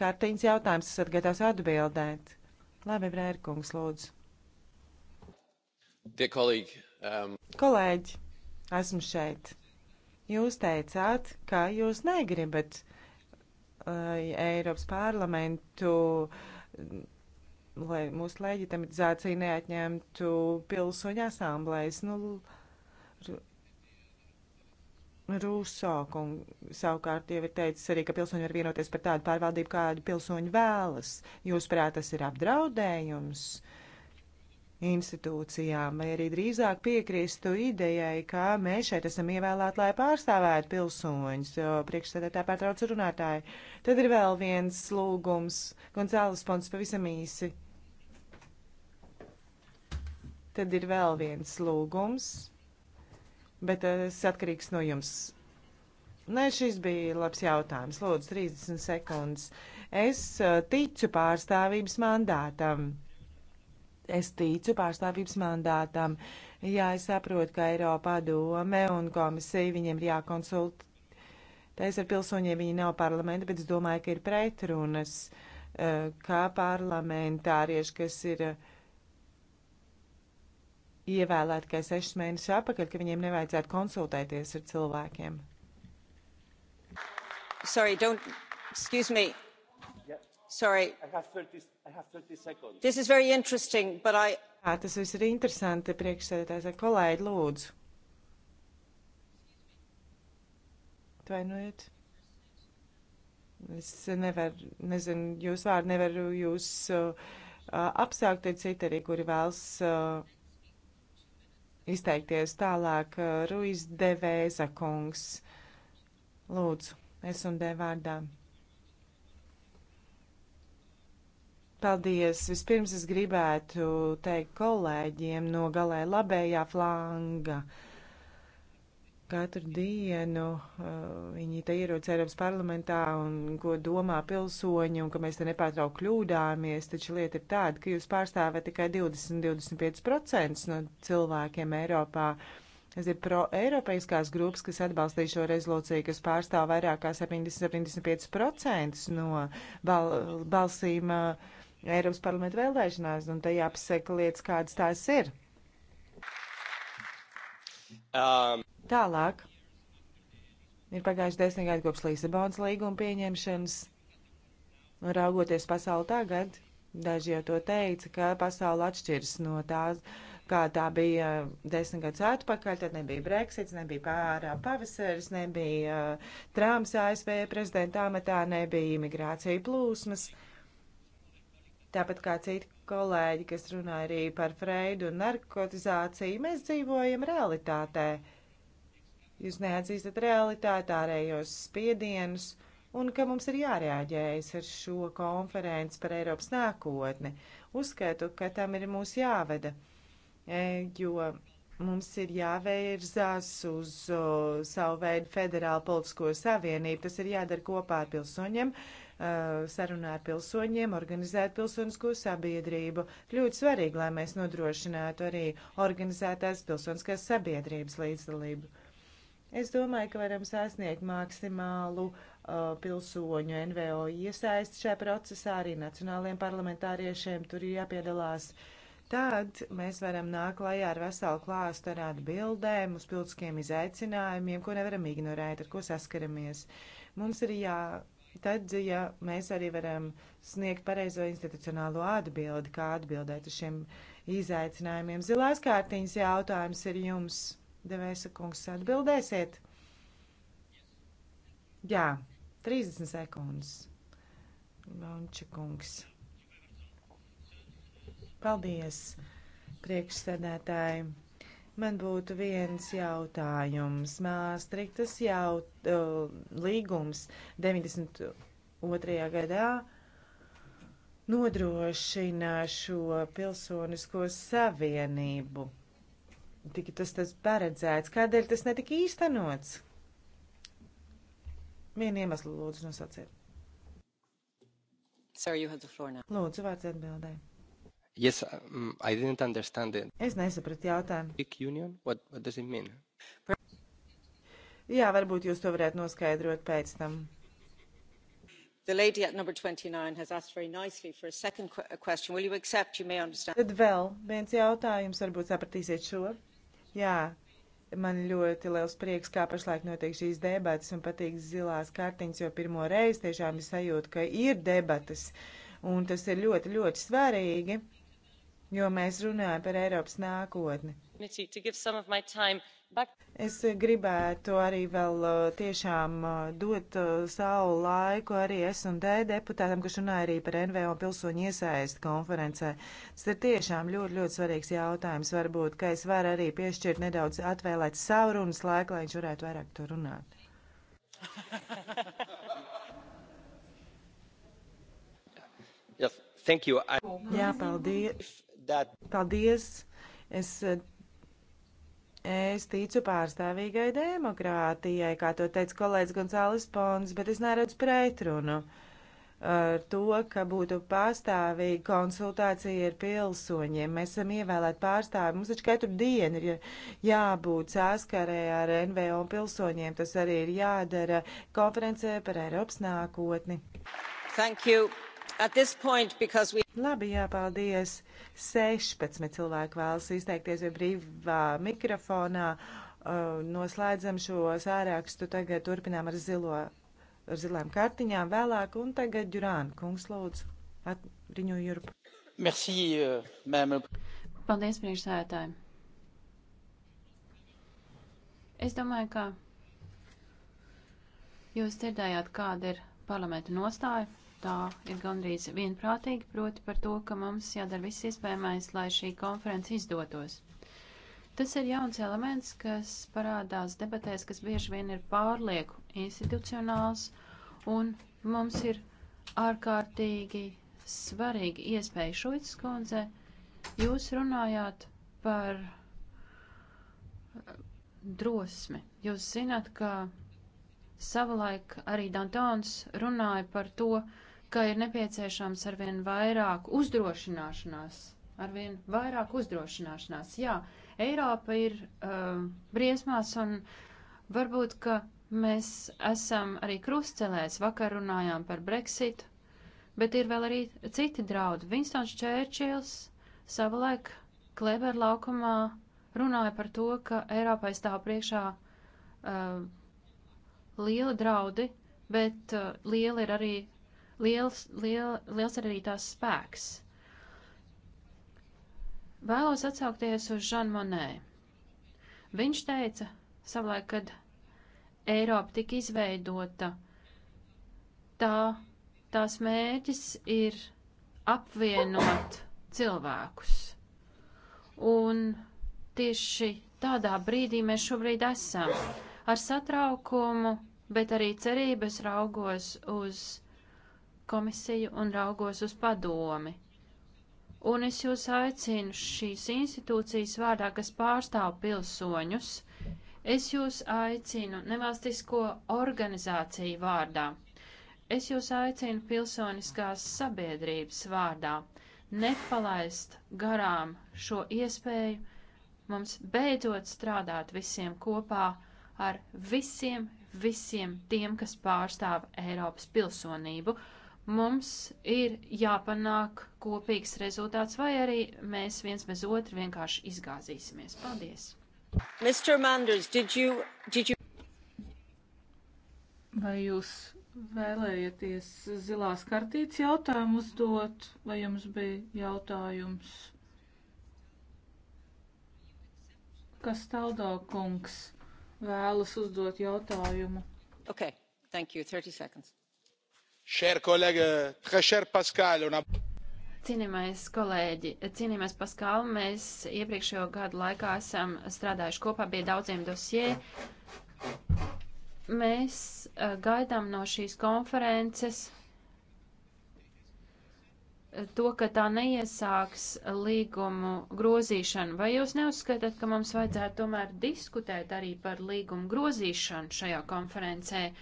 Kārtiņas jautājums, esat gatavs atbildēt? Labi, Brērkungs, lūdzu. Tie kolēģi. Um... Kolēģi, esmu šeit. Jūs teicāt, ka jūs negribat lai uh, Eiropas parlamentu, lai mūsu leģitimatizācija neatņemtu pilsoņu asamblējas. Nu, Rūsok, un savukārt jau ir teicis arī, ka pilsoņi var vienoties par tādu pārvaldību, kādu pilsoņi vēlas. Jūs prāt, tas ir apdraudējums institūcijām, vai arī drīzāk piekristu idejai, ka mēs šeit esam ievēlēti, lai pārstāvētu pilsoņus, jo priekšsēdētā pārtrauc runātāji. Tad ir vēl viens lūgums, Gonzāles Pons pavisam īsi. Tad ir vēl viens lūgums bet tas eh, atkarīgs no jums. Nē, šis bija labs jautājums. Lūdzu, 30 sekundes. Es eh, ticu pārstāvības mandātam. Es ticu pārstāvības mandātam. Jā, es saprotu, ka Eiropa padome un komisija viņiem ir jākonsultēs ar pilsoņiem. Viņi nav parlamenta, bet es domāju, ka ir pretrunas, eh, kā parlamentārieši, kas ir. Uh, ievēlēt tikai sešus mēnešus atpakaļ, ka viņiem nevajadzētu konsultēties ar cilvēkiem. Sorry, don't, excuse me. Yeah. Sorry. I have 30, I have 30 seconds. This is very interesting, but I... Jā, tas viss ir interesanti, priekšsēdētājs, kolēģi, lūdzu. Atvainojiet. Nu es nevaru, nezinu, jūs vārdu nevaru jūs uh, apsaukt, ir citi arī, kuri vēlas uh, izteikties tālāk eh, Ruiz Devēza kungs. Lūdzu, es un D vārdā. Paldies! Vispirms es gribētu teikt kolēģiem no galē labējā flanga. Uh, Katru dienu uh, viņi te ierodas Eiropas parlamentā un ko domā pilsoņi un ka mēs te nepārtrauk kļūdāmies, taču lieta ir tāda, ka jūs pārstāvēt tikai 20-25% no cilvēkiem Eiropā. Tas ir pro-eiropeiskās grupas, kas atbalstīja šo rezolūciju, kas pārstāv vairāk kā 70-75% no bal balsīm uh, Eiropas parlamenta vēlēšanās, un te jāpasaka lietas, kādas tās ir. Um. Tālāk ir pagājuši desmit gadi kopš Lisabonas līguma pieņemšanas. Un raugoties pasauli tagad, daži jau to teica, ka pasauli atšķiras no tās, kā tā bija desmit gadus atpakaļ, tad nebija Brexits, nebija pārā pavasaris, nebija uh, Trumps ASV prezidenta amatā, nebija imigrācija plūsmas. Tāpat kā citi kolēģi, kas runāja arī par Freidu un narkotizāciju, mēs dzīvojam realitātē. Uh, jūs neatzīstat realitāti, ārējos spiedienus, un ka mums ir jārēģējas ar šo konferenci par Eiropas nākotni. Uzskatu, ka tam ir mūs jāveda, e, jo mums ir jāvērzās uz o, savu veidu federālu politisko savienību. Tas ir jādara kopā ar pilsoņiem, e, sarunā ar pilsoņiem, organizēt pilsonisko sabiedrību. Ļoti svarīgi, lai mēs nodrošinātu arī organizētās pilsoniskās sabiedrības līdzdalību. Es domāju, ka varam sasniegt maksimālu uh, pilsoņu NVO iesaisti šajā procesā, arī nacionāliem parlamentāriešiem tur ir jāpiedalās. Tad mēs varam nākt klajā ar veselu klāstu ar atbildēm uz pilskiem izaicinājumiem, ko nevaram ignorēt, ar ko saskaramies. Mums ir jā, tad, ja mēs arī varam sniegt pareizo institucionālo atbildi, kā atbildēt uz šiem izaicinājumiem. Zilās kārtiņas jautājums ir jums. Devēsa kungs, atbildēsiet? Jā, 30 sekundes. Lonča kungs. Paldies, priekšsēdētāji. Man būtu viens jautājums. Māstriktas jau uh, līgums 92. gadā nodrošina šo pilsonisko savienību tika tas, tas paredzēts, kādēļ tas netika īstenots. Vienu iemeslu lūdzu nosauciet. Sorry, you have the floor now. Lūdzu, vārds atbildē. Yes, um, I didn't understand it. Es nesapratu jautājumu. Big union? What, what does it mean? Jā, varbūt jūs to varētu noskaidrot pēc tam. The lady at number 29 has asked very nicely for a second question. Will you accept? You may understand. Tad vēl viens jautājums, varbūt sapratīsiet šo. Jā, man ļoti liels prieks, kā pašlaik notiek šīs debatas un patīk zilās kartiņas, jo pirmo reizi tiešām es sajūtu, ka ir debatas. Un tas ir ļoti, ļoti svarīgi, jo mēs runājam par Eiropas nākotni. Es gribētu arī vēl uh, tiešām uh, dot uh, savu laiku arī S&D deputātam, kas runāja arī par NVO pilsoņu iesaistu konferencē. Tas ir tiešām ļoti, ļoti svarīgs jautājums. Varbūt, ka es varu arī piešķirt nedaudz atvēlēt savu runas laiku, lai viņš varētu vairāk to runāt. yes, thank you. I... Jā, paldies. That... Paldies. Es Es ticu pārstāvīgai demokrātijai, kā to teica kolēģis Gonzāles Pons, bet es neredzu pretrunu ar to, ka būtu pārstāvīga konsultācija ar pilsoņiem. Mēs esam ievēlēti pārstāvi. Mums taču katru dienu ir jābūt saskarē ar NVO un pilsoņiem. Tas arī ir jādara konferencē par Eiropas nākotni. Thank you. Point, we... Labi, jāpaldies. 16 cilvēki vēlas izteikties pie brīvā mikrofonā. Uh, noslēdzam šo sārākstu. Tagad turpinām ar, zilo, ar zilām kartiņām vēlāk. Un tagad Ģurāna kungs lūdzu. Riņu Jurpu. Merci, euh, mēm. Paldies, priekšsēdētāji. Es domāju, ka jūs dzirdējāt, kāda ir parlamenta nostāja tā ir gandrīz vienprātīga, proti par to, ka mums jādara viss iespējamais, lai šī konference izdotos. Tas ir jauns elements, kas parādās debatēs, kas bieži vien ir pārlieku institucionāls, un mums ir ārkārtīgi svarīga iespēja. Šuicis kundze, jūs runājāt par uh, drosmi. Jūs zināt, ka savulaik arī Dantons runāja par to, ka ir nepieciešams arvien vairāk uzdrošināšanās. Arvien vairāk uzdrošināšanās. Jā, Eiropa ir uh, briesmās un varbūt, ka mēs esam arī krustcelēs. Vakar runājām par Brexitu, bet ir vēl arī citi draudi. Vinstons Čērčils savulaik Kleber laukumā runāja par to, ka Eiropai stāv priekšā uh, liela draudi, bet uh, liela ir arī liels, liel, liels ir arī tās spēks. Vēlos atsaukties uz Žanu Monē. Viņš teica savulaik, kad Eiropa tika izveidota, tā, tās mērķis ir apvienot cilvēkus. Un tieši tādā brīdī mēs šobrīd esam. Ar satraukumu, bet arī cerības raugos uz komisiju un raugos uz padomi. Un es jūs aicinu šīs institūcijas vārdā, kas pārstāv pilsoņus, es jūs aicinu nevalstisko organizāciju vārdā. Es jūs aicinu pilsoniskās sabiedrības vārdā nepalaist garām šo iespēju mums beidzot strādāt visiem kopā ar visiem, visiem tiem, kas pārstāv Eiropas pilsonību, Mums ir jāpanāk kopīgs rezultāts, vai arī mēs viens bez otru vienkārši izgāzīsimies. Paldies! Mr. Manders, did you, did you... Vai jūs vēlējaties zilās kartītes jautājumu uzdot, vai jums bija jautājums? Kas taldā kungs vēlas uzdot jautājumu? Ok, thank you, 30 seconds. Cher collègue, très cher Pascal, un... Cienījamais kolēģi, cienījamais Paskal, mēs iepriekšējo gadu laikā esam strādājuši kopā pie daudziem dosie. Mēs uh, gaidām no šīs konferences eh, to, ka tā neiesāks līgumu grozīšanu. Vai jūs neuzskatāt, ka mums vajadzētu tomēr diskutēt arī par līgumu grozīšanu šajā konferencē? Uh,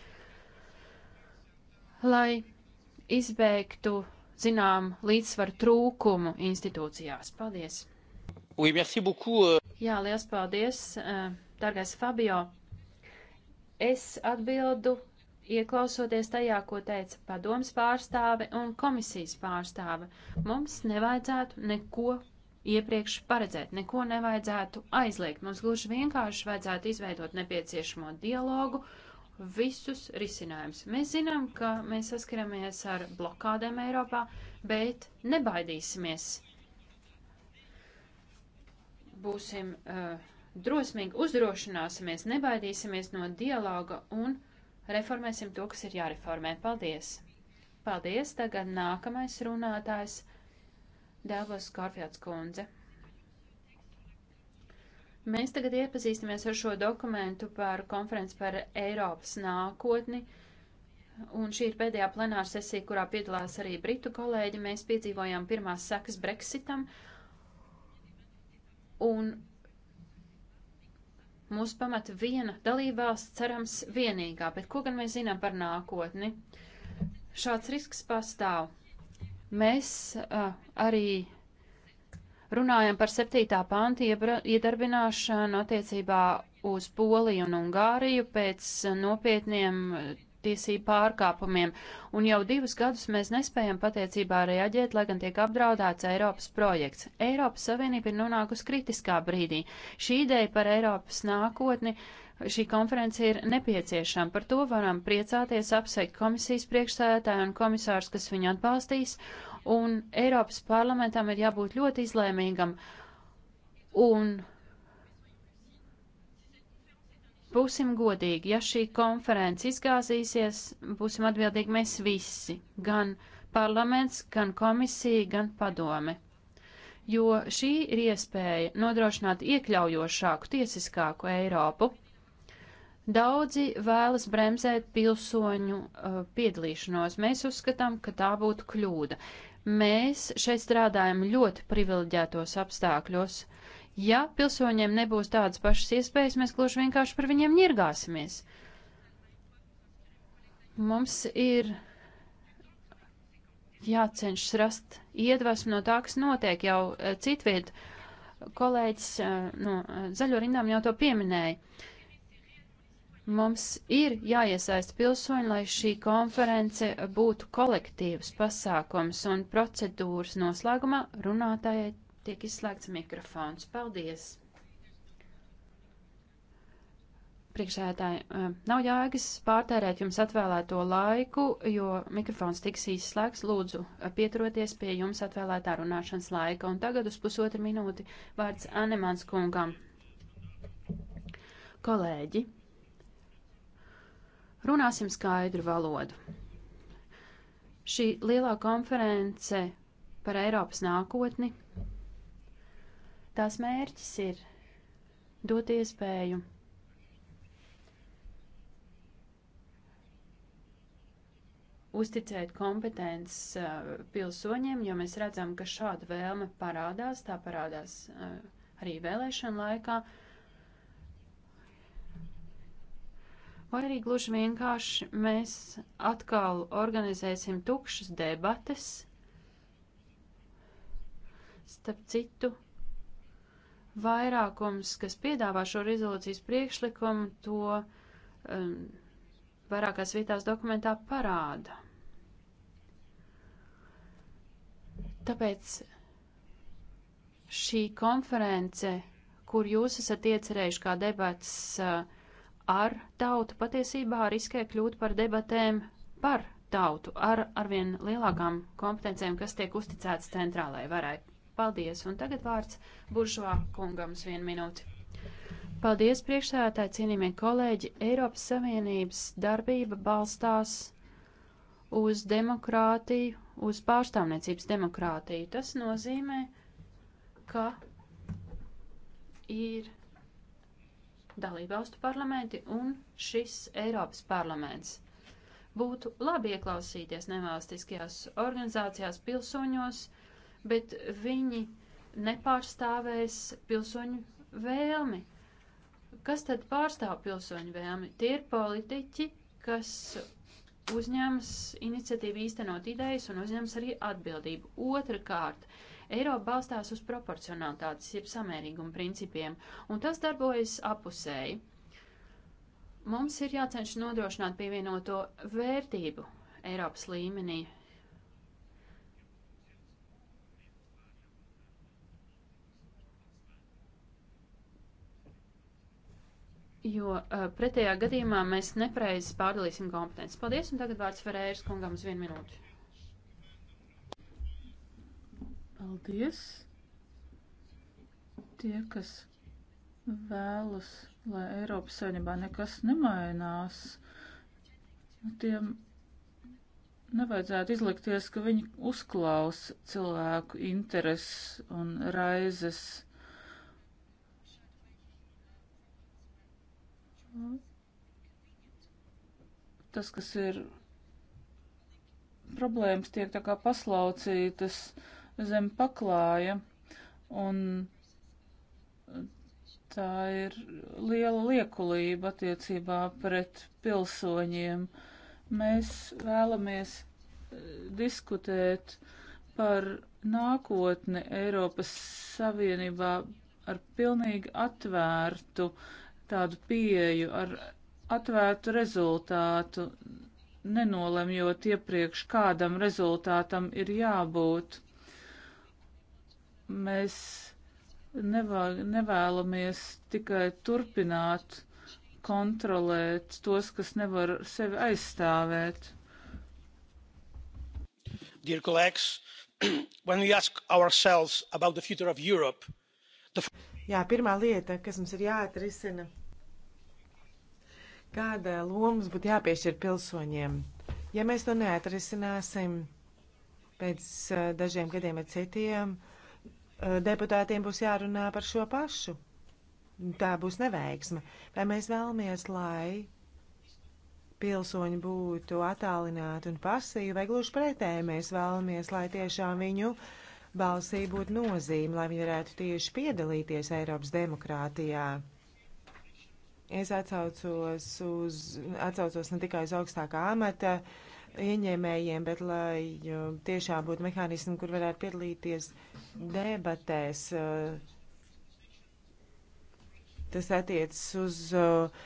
lai izbeigtu zinām līdzsvaru trūkumu institūcijās. Paldies! Oui, merci beaucoup. Euh. Jā, liels paldies, eh, dargais Fabio. Es atbildu ieklausoties tajā, ko teica padoms pārstāve un komisijas pārstāve. Mums nevajadzētu neko iepriekš paredzēt, neko nevajadzētu aizliegt. Mums gluži vienkārši vajadzētu izveidot nepieciešamo dialogu visus risinājumus. Mēs zinām, ka mēs saskaramies ar blokādēm Eiropā, bet nebaidīsimies. Būsim uh, drosmīgi, uzdrošināsimies, nebaidīsimies no dialoga un reformēsim to, kas ir jāreformē. Paldies! Paldies! Tagad nākamais runātājs Dēlos Korfjāts kundze. Mēs tagad iepazīstamies ar šo dokumentu par konferenci par Eiropas nākotni. Un šī ir pēdējā plenāra sesija, kurā piedalās arī britu kolēģi. Mēs piedzīvojām pirmās sekas Brexitam. Un mūs pamata viena dalībvalsts, cerams, vienīgā. Bet ko gan mēs zinām par nākotni? Šāds risks pastāv. Mēs uh, arī runājam par 7. pānta iedarbināšanu attiecībā uz Poliju un Ungāriju pēc nopietniem eh, tiesību pārkāpumiem, un jau divus gadus mēs nespējam patiecībā reaģēt, lai gan tiek apdraudēts Eiropas projekts. Eiropas Savienība ir nonākusi kritiskā brīdī. Šī ideja par Eiropas nākotni šī konference ir nepieciešama. Par to varam priecāties, apsveikt komisijas priekšsēdētāju un komisārs, kas viņu atbalstīs, un Eiropas parlamentam ir jābūt ļoti izlēmīgam. Un būsim godīgi, ja šī konference izgāzīsies, būsim atbildīgi mēs visi, gan parlaments, gan komisija, gan padome. Jo šī ir iespēja nodrošināt iekļaujošāku, tiesiskāku Eiropu. Daudzi vēlas bremzēt pilsoņu uh, piedalīšanos. Mēs uzskatām, ka tā būtu kļūda. Mēs šeit strādājam ļoti privileģētos apstākļos. Ja pilsoņiem nebūs tādas pašas iespējas, mēs gluži vienkārši par viņiem ņirgāsimies. Mums ir jācenšas rast iedvesmu no tā, kas notiek jau eh, citviet. Kolēģis eh, no eh, zaļo rindām jau to pieminēja. Mums ir jāiesaist pilsoņi, lai šī konference būtu kolektīvs pasākums un procedūras noslēgumā runātājai tiek izslēgts mikrofons. Paldies! Priekšsēdētāji, eh, nav jēgas pārtērēt jums atvēlēto laiku, jo mikrofons tiks izslēgts. Lūdzu, eh, pieturoties pie jums atvēlētā runāšanas laika. Un tagad uz pusotru minūti vārds Anemans kungam. Kolēģi! Runāsim skaidru valodu. Šī lielā konference par Eiropas nākotni, tās mērķis ir dot iespēju uzticēt kompetences uh, pilsoņiem, jo mēs redzam, ka šāda vēlme parādās, tā parādās uh, arī vēlēšana laikā. Uh, vai arī gluži vienkārši mēs atkal organizēsim tukšas debates. Starp citu, vairākums, kas piedāvā šo rezolūcijas priekšlikumu, to um, vairākās vietās dokumentā parāda. Tāpēc šī konference, kur jūs esat iecerējuši kā debats uh, ar tautu patiesībā riskē kļūt par debatēm par tautu ar arvien lielākām kompetencijām, kas tiek uzticētas centrālai varai. Paldies, un tagad vārds buržvā kungam uz vienu minūti. Paldies, priekšsēdētāji, cienījamie kolēģi. Eiropas Savienības darbība balstās uz demokrātiju, uz pārstāvniecības demokrātiju. Tas nozīmē, ka ir dalībvalstu parlamenti un šis Eiropas parlaments. Būtu labi ieklausīties nevalstiskajās organizācijās pilsoņos, bet viņi nepārstāvēs pilsoņu vēlmi. Kas tad pārstāv pilsoņu vēlmi? Tie ir politiķi, kas uzņems iniciatīvu īstenot idejas un uzņems arī atbildību. Otrakārt, uh, Eiropa balstās uz proporcionalitātes, jeb samērīguma principiem, un tas darbojas apusēji. Mums ir jācenš nodrošināt pievienoto vērtību Eiropas līmenī, jo uh, pretējā gadījumā mēs nepareizi pārdalīsim kompetences. Paldies, un tagad vārds Ferēras kungam uz vienu minūti. Paldies! Tie, kas vēlas, lai Eiropas saimnībā nekas nemainās, tiem nevajadzētu izlikties, ka viņi uzklausa cilvēku intereses un raizes. Tas, kas ir problēmas, tiek tā kā paslaucītas. Uh, zem paklāja. Un tā ir liela liekulība attiecībā pret pilsoņiem. Mēs vēlamies eh, diskutēt par nākotni Eiropas Savienībā ar pilnīgi atvērtu tādu pieeju, ar atvērtu rezultātu, nenolemjot iepriekš, kādam rezultātam ir jābūt. Mēs nevā, nevēlamies tikai turpināt kontrolēt tos, kas nevar sevi aizstāvēt. Dear colleagues, when we ask ourselves about the future of Europe, the... Jā, pirmā lieta, kas mums ir jāatrisina, kāda lomas būtu jāpiešķir pilsoņiem. Ja mēs to neatrisināsim pēc uh, dažiem gadiem ar citiem, uh, Eh, deputātiem būs jārunā par šo pašu. Tā būs neveiksme. Vai mēs vēlamies, lai pilsoņi būtu attālināti un pasīvi, vai gluži pretēji mēs vēlamies, lai tiešām viņu balsī būtu nozīme, lai viņi varētu tieši piedalīties Eiropas demokrātijā. Es atcaucos, uz, atcaucos ne tikai uz augstākā amata uh, ieņēmējiem, bet lai uh, tiešām būtu mehānismi, kur varētu piedalīties debatēs. Uh, tas attiecas uz uh,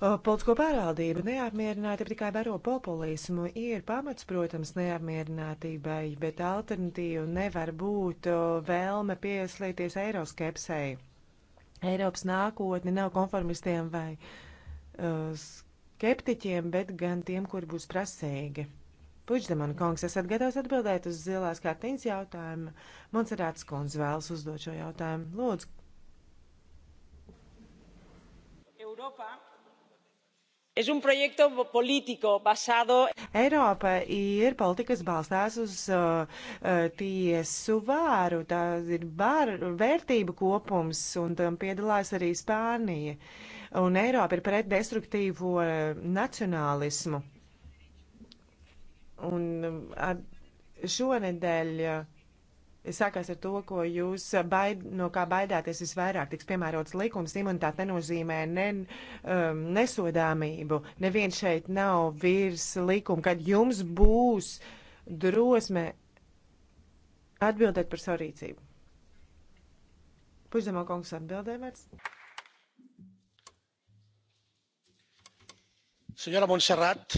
politisko pārvaldību. Neapmierinātība tikai baro populismu. Ir pamats, protams, neapmierinātībai, bet alternatīva nevar būt vēlme pieslieties eiroskepsei. Eiropas nākotne nav konformistiem vai uh, skeptiķiem, bet gan tiem, kuri būs prasīgi. Puģdemona kungs, esat gatavs atbildēt uz zilās kartiņas jautājumu? Monserāts kundze vēlas uzdot šo jautājumu. Lūdzu. Europa. Es un proyecto politico basado. Eiropa ir politika, kas balstās uz uh, uh, tiesu vāru. Tā ir var, vērtība kopums, un tam piedalās arī Spānija. Uh, un Eiropa ir pret destruktīvo eh, nacionālismu. Un eh, šonedēļ eh, sākās ar to, ko jūs baid, no kā baidāties visvairāk. Tiks piemērots likums, imunitāte nenozīmē ne, um, nesodāmību. Neviens šeit nav virs likuma, kad jums būs drosme atbildēt par savu rīcību. Puizdemā kungs atbildē vairs. Senora Montserrat,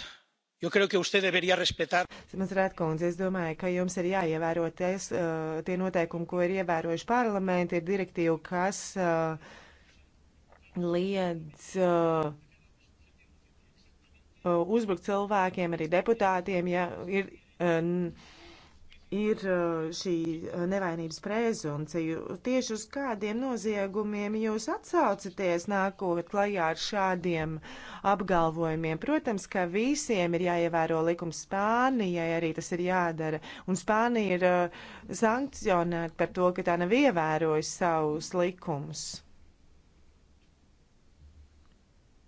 Yo creo que usted debería respetar. Mazrāt kundze, es domāju, ka jums ir jāievēro ties, uh, tie noteikumi, ko ir ievērojuši parlamenti, ir direktīva, kas uh, liedz uh, uh uzbrukt cilvēkiem, arī deputātiem, ja ir. Uh, ir uh, šī uh, nevainības prezumcija. Tieši uz kādiem noziegumiem jūs atsaucaties nākot klajā ar šādiem apgalvojumiem? Protams, ka visiem ir jāievēro likums Spānijai, arī tas ir jādara. Un Spānija ir uh, sankcionēta par to, ka tā nav ievērojusi savus likumus.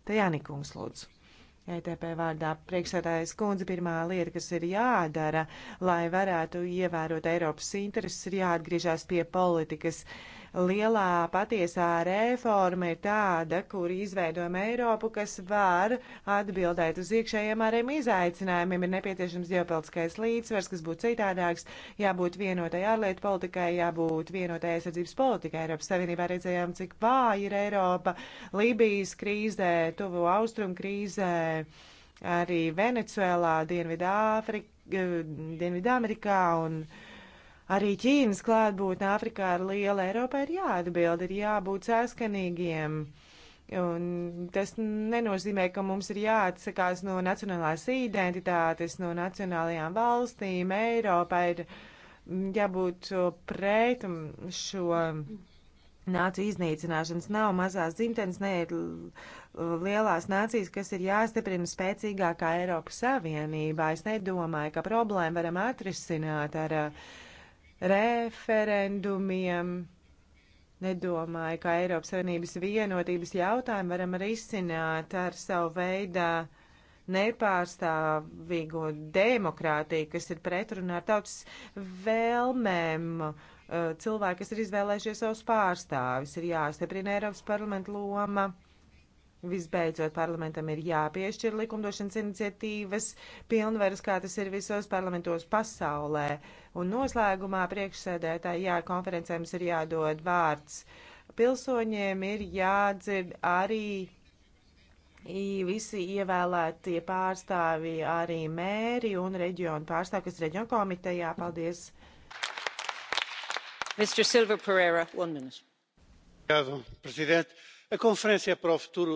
Tajānikums, lūdzu. ETP vārdā priekšsēdājas kundze pirmā lieta, kas ir jādara, lai varētu ievērot Eiropas intereses, ir jāatgriežas pie politikas lielā patiesā reforma ir tāda, kur izveidojam Eiropu, kas var atbildēt uz iekšējiem ārējiem izaicinājumiem. Ir nepieciešams ģeopolitiskais līdzsvars, kas būtu citādāks, jābūt vienotai ārlietu politikai, jābūt vienotai aizsardzības politikai. Eiropas Savienībā redzējām, cik vāja ir Eiropa Libijas krīzē, tuvu austrumu krīzē arī Venecuēlā, Dienvidāfrikā, eh, Dienvidamerikā un uh, Arī Ķīnas klātbūtne Āfrikā ir liela. Eiropā ir jāatbild, ir jābūt saskanīgiem. Un tas nenozīmē, ka mums ir jāatsakās no nacionālās identitātes, no nacionālajām valstīm. Eiropā ir mm, jābūt pret šo nāciju iznīcināšanas. Nav mazās dzimtenes, ne ir lielās nācijas, kas ir jāstiprina spēcīgākā Eiropas Savienībā. Es nedomāju, ka problēmu varam atrisināt ar. Uh, referendumiem. Nedomāju, ka Eiropas Savienības vienotības jautājumu varam risināt ar savu veidā nepārstāvīgo demokrātiju, kas ir pretrunā ar tautas vēlmēm. Uh, cilvēki, kas ir izvēlējušies savus pārstāvis, ir jāstiprina Eiropas parlamenta loma Visbeidzot, parlamentam ir jāpiešķir likumdošanas iniciatīvas pilnvaras, kā tas ir visos parlamentos pasaulē. Un noslēgumā priekšsēdētāji, jā, konferencēms ir jādod vārds. Pilsoņiem ir jādzird arī visi ievēlētie pārstāvji, arī mēri un reģionu pārstāvji, kas reģionu komitejā. Paldies! Mr. Silva Pereira, one minute. Jā, prezident konferencija par futuro.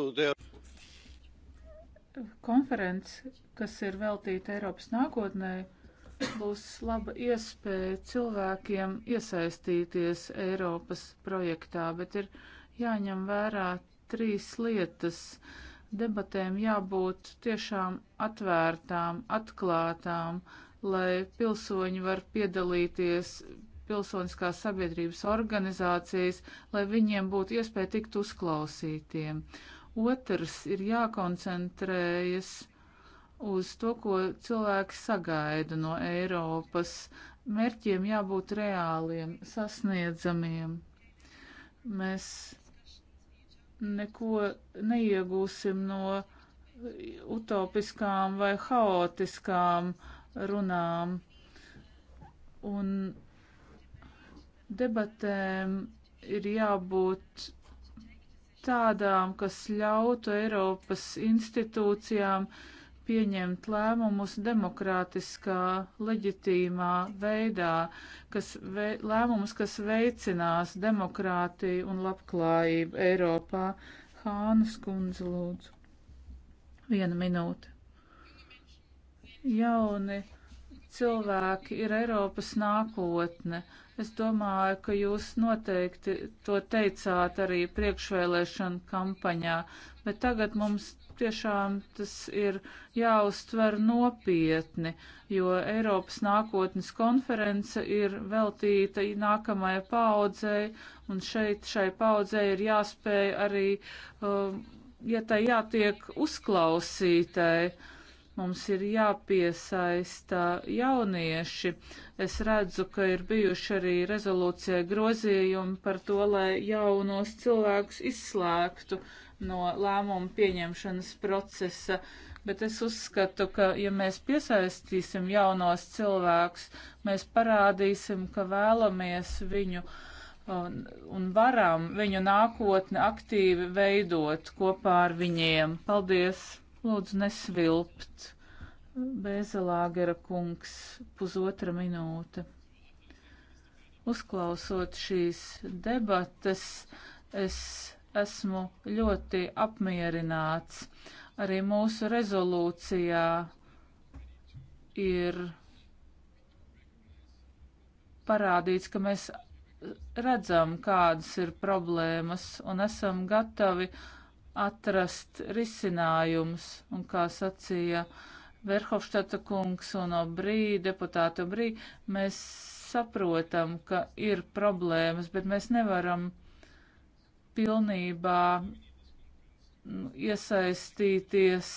Konference, kas ir veltīta Eiropas nākotnē, būs laba iespēja cilvēkiem iesaistīties Eiropas projektā, bet ir jāņem vērā trīs lietas. Debatēm jābūt tiešām atvērtām, atklātām, lai pilsoņi var piedalīties pilsoniskās sabiedrības organizācijas, lai viņiem būtu iespēja tikt uzklausītiem. Otrs ir jākoncentrējas uz to, ko cilvēki sagaida no Eiropas. Mērķiem jābūt reāliem, sasniedzamiem. Mēs neko neiegūsim no utopiskām vai haotiskām runām. Un Debatēm ir jābūt tādām, kas ļautu Eiropas institūcijām pieņemt lēmumus demokrātiskā, leģitīmā veidā, kas vei, lēmumus, kas veicinās demokrātiju un labklājību Eiropā. Hānas kundze lūdzu. Viena minūte. Jauni cilvēki ir Eiropas nākotne. Es domāju, ka jūs noteikti to teicāt arī priekšvēlēšana kampaņā, bet tagad mums tiešām tas ir jāuztver nopietni, jo Eiropas nākotnes konference ir veltīta nākamajai paudzei, un šeit šai paudzei ir jāspēj arī, uh, ja tai jātiek uzklausītai. Uh, Mums ir jāpiesaista jaunieši. Es redzu, ka ir bijuši arī rezolūcijai grozījumi par to, lai jaunos cilvēkus izslēgtu no lēmumu pieņemšanas procesa. Bet es uzskatu, ka ja mēs piesaistīsim jaunos cilvēkus, mēs parādīsim, ka vēlamies viņu un, un varam viņu nākotni aktīvi veidot kopā ar viņiem. Paldies! Lūdzu, nesvilpt. Bēzelāgera kungs, pusotra minūte. Uzklausot šīs debates, es esmu ļoti apmierināts. Arī mūsu rezolūcijā ir parādīts, ka mēs redzam, kādas ir problēmas un esam gatavi uh, atrast risinājums, un kā sacīja Verhofštata kungs un Obrī, deputāti Obrī, mēs saprotam, ka ir problēmas, bet mēs nevaram pilnībā nu, iesaistīties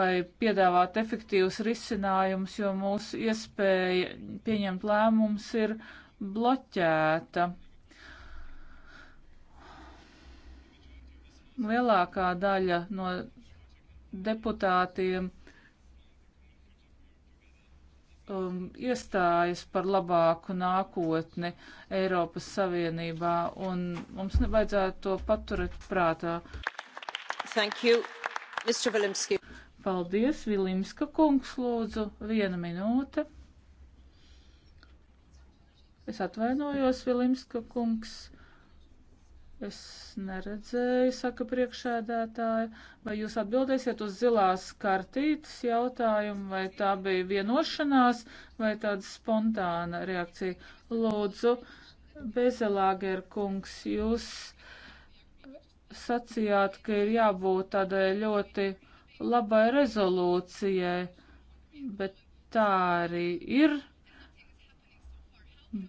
vai piedāvāt efektīvus risinājumus, jo mūsu iespēja pieņemt lēmumus ir bloķēta. Lielākā daļa no deputātiem um, iestājas par labāku nākotni Eiropas Savienībā, un mums nevajadzētu to paturēt prātā. Thank you, Mr. Vilimski. Paldies, Vilimska kungs, lūdzu, viena minūte. Es atvainojos, Vilimska kungs. Es neredzēju, saka priekšēdētāja. Vai jūs atbildēsiet uz zilās kartītes jautājumu, vai tā bija vienošanās, vai tāda spontāna reakcija? Lūdzu, Bezelāger kungs, jūs sacījāt, ka ir jābūt tādai ļoti labai rezolūcijai, bet tā arī ir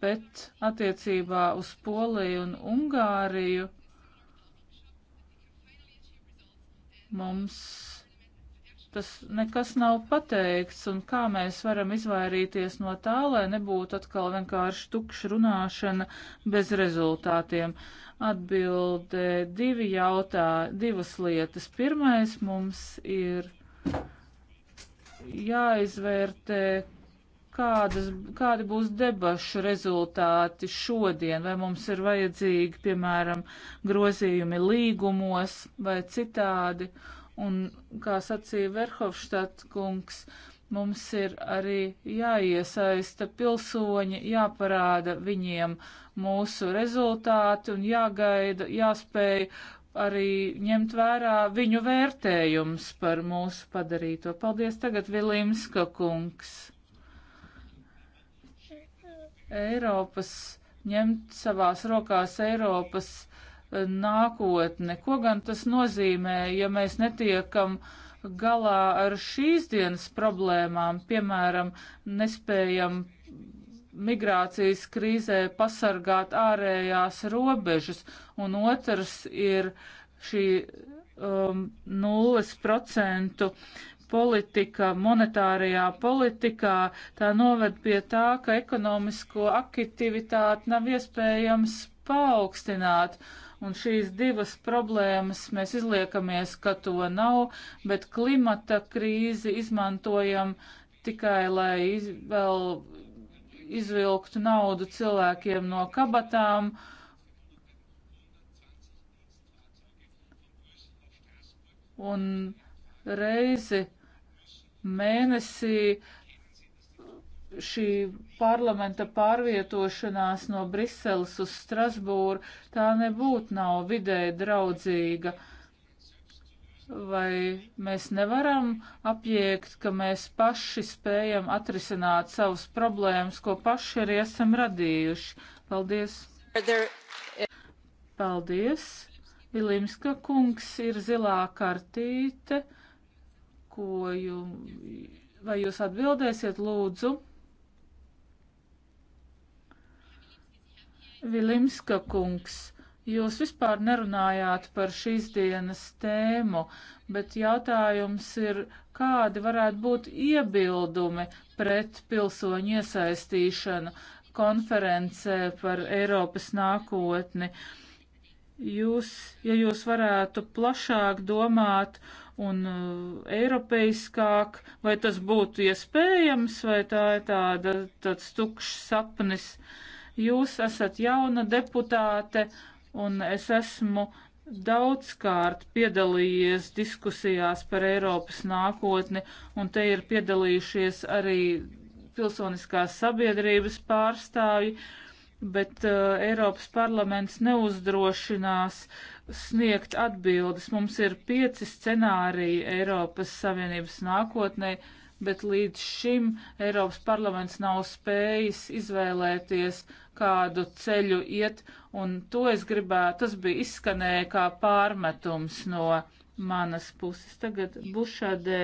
bet attiecībā uz Poliju un Ungāriju mums tas nekas nav pateikts, un kā mēs varam izvairīties no tā, lai nebūtu atkal vienkārši tukša runāšana bez rezultātiem. Atbildē divi jautā, divas lietas. Pirmais mums ir jāizvērtē, kādas, kādi būs debašu rezultāti šodien, vai mums ir vajadzīgi, piemēram, grozījumi līgumos vai citādi. Un, kā sacīja Verhofstadt kungs, mums ir arī jāiesaista pilsoņi, jāparāda viņiem mūsu rezultāti un jāgaida, jāspēj arī ņemt vērā viņu vērtējums par mūsu padarīto. Paldies tagad Vilimska kungs. Eiropas, ņemt savās rokās Eiropas eh, nākotne. Ko gan tas nozīmē, ja mēs netiekam galā ar šīs dienas problēmām, piemēram, nespējam migrācijas krīzē pasargāt ārējās robežas, un otrs ir šī um, nulles procentu politika, monetārajā politikā, tā noved pie tā, ka ekonomisko aktivitāti nav iespējams paaugstināt. Un šīs divas problēmas mēs izliekamies, ka to nav, bet klimata krīzi izmantojam tikai, lai iz, vēl izvilktu naudu cilvēkiem no kabatām. Un reizi mēnesī šī parlamenta pārvietošanās no Briseles uz Strasbūru tā nebūtu nav vidē draudzīga. Vai mēs nevaram apjēgt, ka mēs paši spējam atrisināt savas problēmas, ko paši arī esam radījuši? Paldies! Paldies! Vilimska kungs ir zilā kartīte tulkojumu. Vai jūs atbildēsiet, lūdzu? Vilimska kungs, jūs vispār nerunājāt par šīs dienas tēmu, bet jautājums ir, kādi varētu būt iebildumi pret pilsoņu iesaistīšanu konferencē par Eiropas nākotni? Jūs, ja jūs varētu plašāk domāt un uh, eiropeiskāk, vai tas būtu iespējams, vai tā ir tāda, tāds tukšs sapnis. Jūs esat jauna deputāte, un es esmu daudzkārt piedalījies diskusijās par Eiropas nākotni, un te ir piedalījušies arī pilsoniskās sabiedrības pārstāvji, bet uh, Eiropas parlaments neuzdrošinās uh, sniegt atbildes. Mums ir pieci scenāriji Eiropas Savienības nākotnē, bet līdz šim Eiropas parlaments nav spējis izvēlēties, kādu ceļu iet, un to es gribētu, tas bija izskanēja kā pārmetums no manas puses. Tagad Bušādē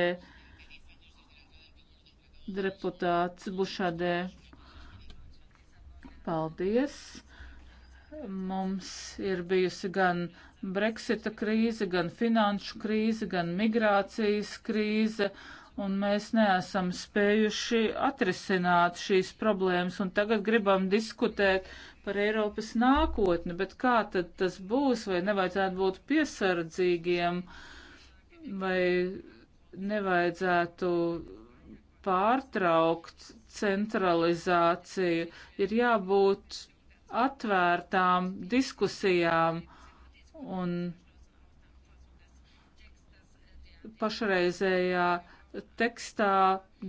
deputāts Bušādē. Paldies! Mums ir bijusi gan Brexita krīze, gan finanšu krīze, gan migrācijas krīze, un mēs neesam spējuši atrisināt šīs problēmas, un tagad gribam diskutēt par Eiropas nākotni, bet kā tad tas būs, vai nevajadzētu būt piesardzīgiem, vai nevajadzētu pārtraukt centralizāciju, ir jābūt atvērtām diskusijām un pašreizējā tekstā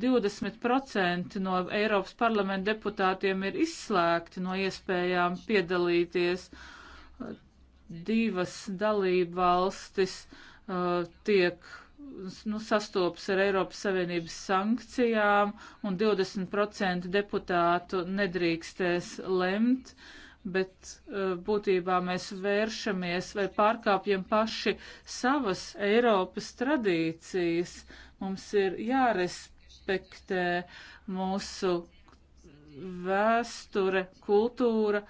20% no Eiropas parlamenta deputātiem ir izslēgti no iespējām piedalīties. Divas dalība valstis uh, tiek nu, sastopas ar Eiropas Savienības sankcijām, un 20% deputātu nedrīkstēs lemt. Uh, bet eh, būtībā mēs vēršamies vai pārkāpjam paši savas Eiropas tradīcijas. Mums ir jārespektē mūsu vēsture, kultūra.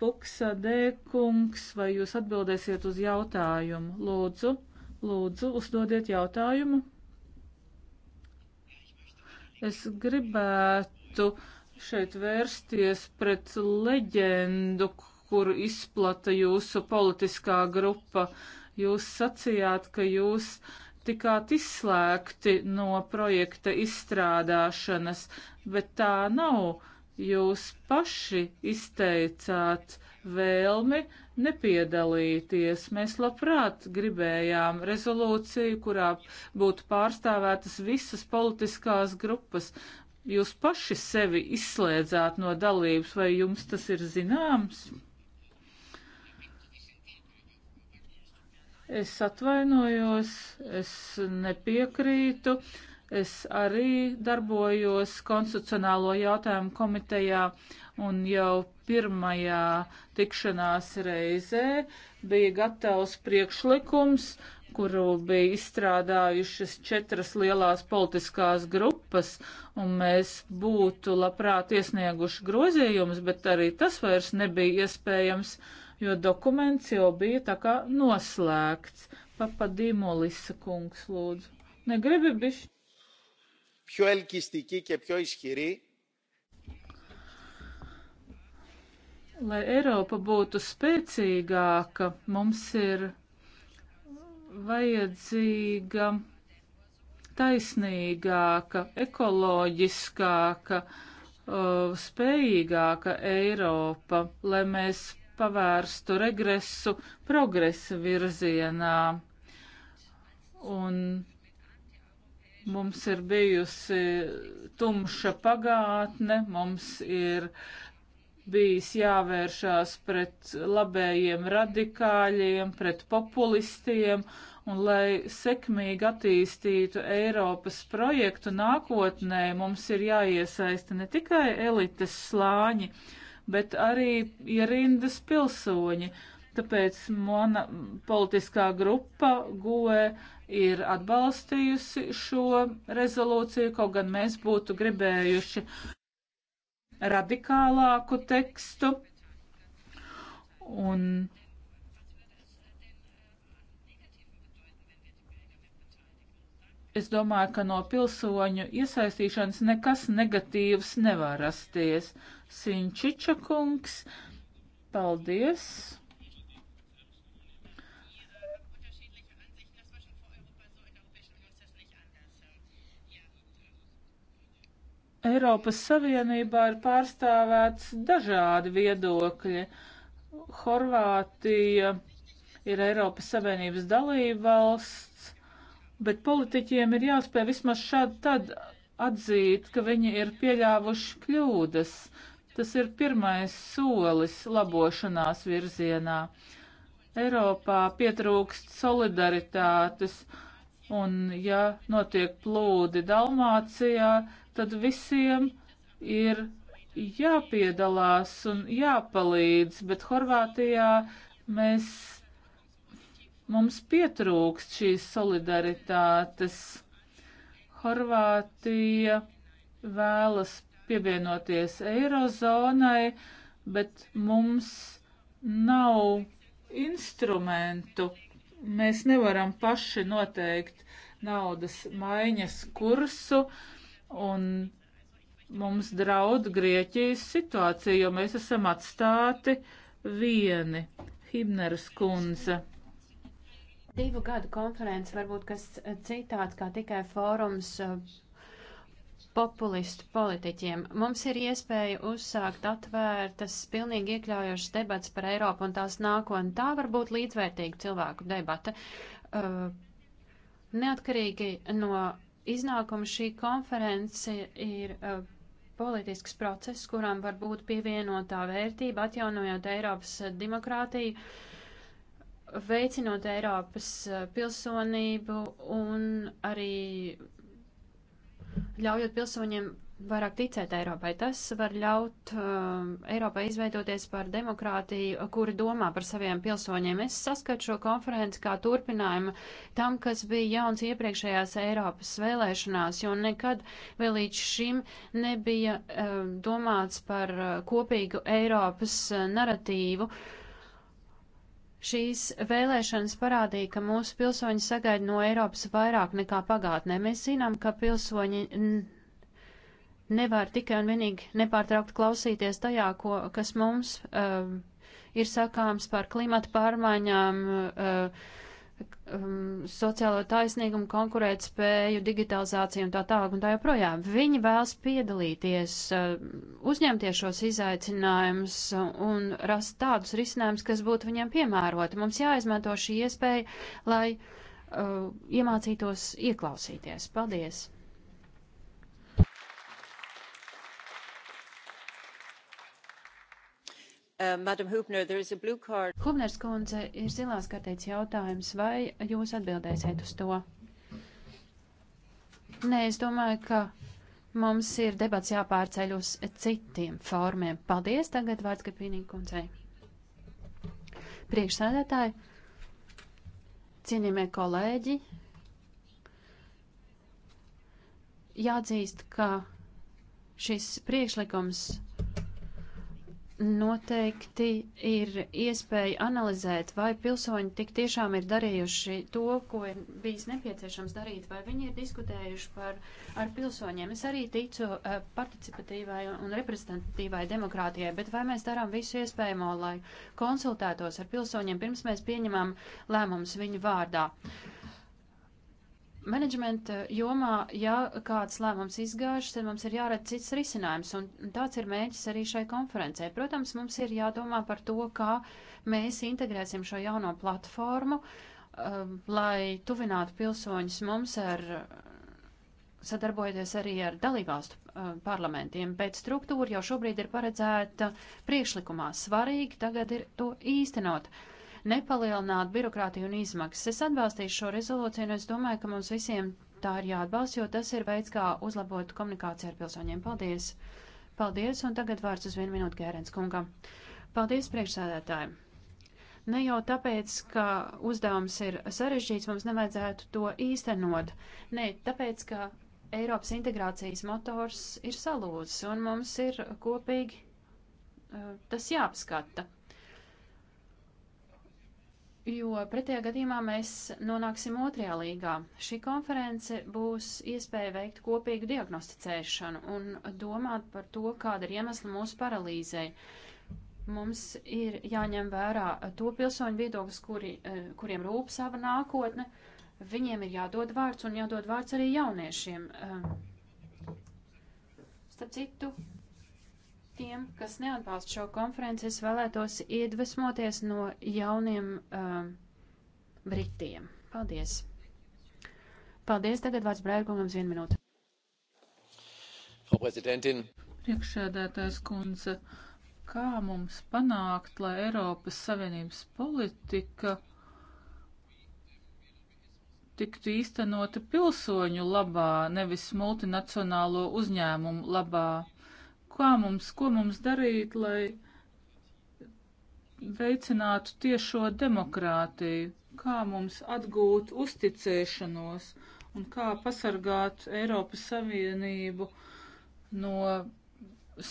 Buksadēkungs, vai jūs atbildēsiet uz jautājumu? Lūdzu, lūdzu, uzdodiet jautājumu. Es gribētu uh, šeit vērsties pret leģendu, kuru izplata jūsu politiskā grupa. Jūs sacījāt, ka jūs tikāt izslēgti no projekta izstrādāšanas, bet tā nav. Jūs paši izteicāt vēlmi nepiedalīties. Mēs labprāt gribējām rezolūciju, kurā būtu pārstāvētas visas politiskās grupas, jūs paši sevi izslēdzāt no dalības, vai jums tas ir zināms? Es atvainojos, es nepiekrītu, es arī darbojos konstitucionālo jautājumu komitejā un jau pirmajā tikšanās reizē bija gatavs priekšlikums, uh, kuru bija izstrādājušas četras lielās politiskās grupas, un mēs būtu labprāt iesnieguši grozījumus, bet arī tas vairs nebija iespējams, jo dokuments jau bija tā kā noslēgts. Papadīmo Lisa kungs, lūdzu. Negribi bišķi. Πιο ελκυστική και πιο ισχυρή lai Eiropa būtu spēcīgāka, mums ir vajadzīga taisnīgāka, ekoloģiskāka, uh, spējīgāka Eiropa, lai mēs pavērstu regresu progresa virzienā. Un mums ir bijusi tumša pagātne, mums ir uh, bijis jāvēršās pret labējiem radikāļiem, pret populistiem, un lai sekmīgi attīstītu Eiropas projektu nākotnē, mums ir jāiesaista ne tikai elites slāņi, bet arī ierindas pilsoņi. Tāpēc mana politiskā grupa GOE ir atbalstījusi šo rezolūciju, kaut gan mēs būtu gribējuši radikālāku tekstu. Un es domāju, ka no pilsoņu iesaistīšanas nekas negatīvs nevar rasties. Sinčiča kungs, paldies! Eiropas Savienībā ir pārstāvēts dažādi viedokļi. Horvātija ir Eiropas Savienības dalība valsts, bet politiķiem ir jāspēj vismaz šādi tad atzīt, ka viņi ir pieļāvuši kļūdas. Tas ir pirmais solis labošanās virzienā. Eiropā pietrūkst solidaritātes, un ja notiek plūdi Dalmācijā, tad visiem ir jāpiedalās un jāpalīdz, bet Horvātijā mēs, mums pietrūkst šīs solidaritātes. Horvātija vēlas pievienoties Eirozonai, bet mums nav instrumentu. Mēs nevaram paši noteikt naudas maiņas kursu. Uh, un mums draud Grieķijas situācija, jo mēs esam atstāti vieni. Hibneras kundze divu gadu konferences, varbūt kas citāds kā tikai fórums eh, populistu politiķiem. Mums ir iespēja uzsākt atvērtas, pilnīgi iekļaujošas debats par Eiropu un tās nākotni. Tā var būt līdzvērtīga cilvēku debata. Eh, neatkarīgi no iznākums šī konference ir uh, politisks process, kurām var būt pievienotā vērtība, atjaunojot Eiropas demokrātiju, veicinot Eiropas e, pilsonību un arī ļaujot pilsoņiem vairāk ticēt Eiropai. Tas var ļaut uh, Eiropai izveidoties par demokrātiju, kuri domā par saviem pilsoņiem. Es saskatu šo konferenci kā turpinājumu tam, kas bija jauns iepriekšējās Eiropas vēlēšanās, jo nekad vēl līdz šim nebija uh, domāts par uh, kopīgu Eiropas uh, naratīvu. Šīs vēlēšanas parādīja, ka mūsu pilsoņi sagaida no Eiropas vairāk nekā pagātnē. Mēs zinām, ka pilsoņi nevar tikai un vienīgi nepārtraukt klausīties tajā, ko, kas mums uh, ir sakāms par klimata pārmaiņām, uh, um, sociālo taisnīgumu, konkurētspēju, digitalizāciju un tā tālāk un tā joprojām. Viņi vēlas piedalīties, uh, uzņemties šos izaicinājumus un rast tādus risinājumus, kas būtu viņiem piemēroti. Mums jāizmanto šī iespēja, lai uh, iemācītos ieklausīties. Paldies! Uh, Hubner, Hubners kundze, ir zilās kartītes jautājums, vai jūs atbildēsiet uz to? Nē, es domāju, ka mums ir debats jāpārceļ uz citiem formiem. Paldies, tagad vārds Kapīnīgi kundzei. Priekšsēdētāji, cienījamie kolēģi, jāatzīst, ka šis priekšlikums Noteikti ir iespēja analizēt, vai pilsoņi tik tiešām ir darījuši to, ko ir bijis nepieciešams darīt, vai viņi ir diskutējuši par, ar pilsoņiem. Es arī ticu uh, participatīvai un reprezentatīvai demokrātijai, bet vai mēs darām visu iespējamo, lai konsultētos ar pilsoņiem, pirms mēs pieņemam lēmumus viņu vārdā. Uh, menedžmenta eh, jomā, ja kāds lēmums izgāžas, tad mums ir jāredz cits risinājums, un tāds ir mēģis arī šai konferencē. Protams, mums ir jādomā par to, kā mēs integrēsim šo jauno platformu, um, lai tuvinātu pilsoņus mums ar sadarbojoties arī ar dalībvalstu um, parlamentiem, bet struktūra jau šobrīd ir paredzēta priekšlikumā. Svarīgi tagad ir to īstenot. Uh, nepalielināt birokrātiju un izmaksas. Es atbalstīšu šo rezolūciju, un es domāju, ka mums visiem tā ir jāatbalsta, jo tas ir veids, kā uzlabot komunikāciju ar pilsoņiem. Paldies! Paldies, un tagad vārds uz vienu minūtu Gērens kungam. Paldies, priekšsēdētāji! Ne jau tāpēc, ka uzdevums ir sarežģīts, mums nevajadzētu to īstenot. Nē, tāpēc, ka Eiropas integrācijas motors ir salūzis, un mums ir kopīgi uh, tas jāapskata jo pretējā gadījumā mēs nonāksim otrajā līgā. Šī konference būs iespēja veikt kopīgu diagnosticēšanu un domāt par to, kāda ir iemesla mūsu paralīzei. Mums ir jāņem vērā to pilsoņu viedoklis, kuri, eh, kuriem rūp sava nākotne. Viņiem ir jādod vārds un jādod vārds arī jauniešiem. Ehm, starp citu, Tiem, kas neatbalsta šo konferenci, es vēlētos iedvesmoties no jauniem uh, Britiem. Paldies! Paldies! Tagad vārds Brēdkungam uz vienu minūti. Frau Präsidentin! Priekšsēdētājs kundze, kā mums panākt, lai Eiropas Savienības politika tiktu īstenota pilsoņu labā, nevis multinacionālo uzņēmumu labā? kā mums, ko mums darīt, lai veicinātu tiešo demokrātiju, kā mums atgūt uzticēšanos un kā pasargāt Eiropas Savienību no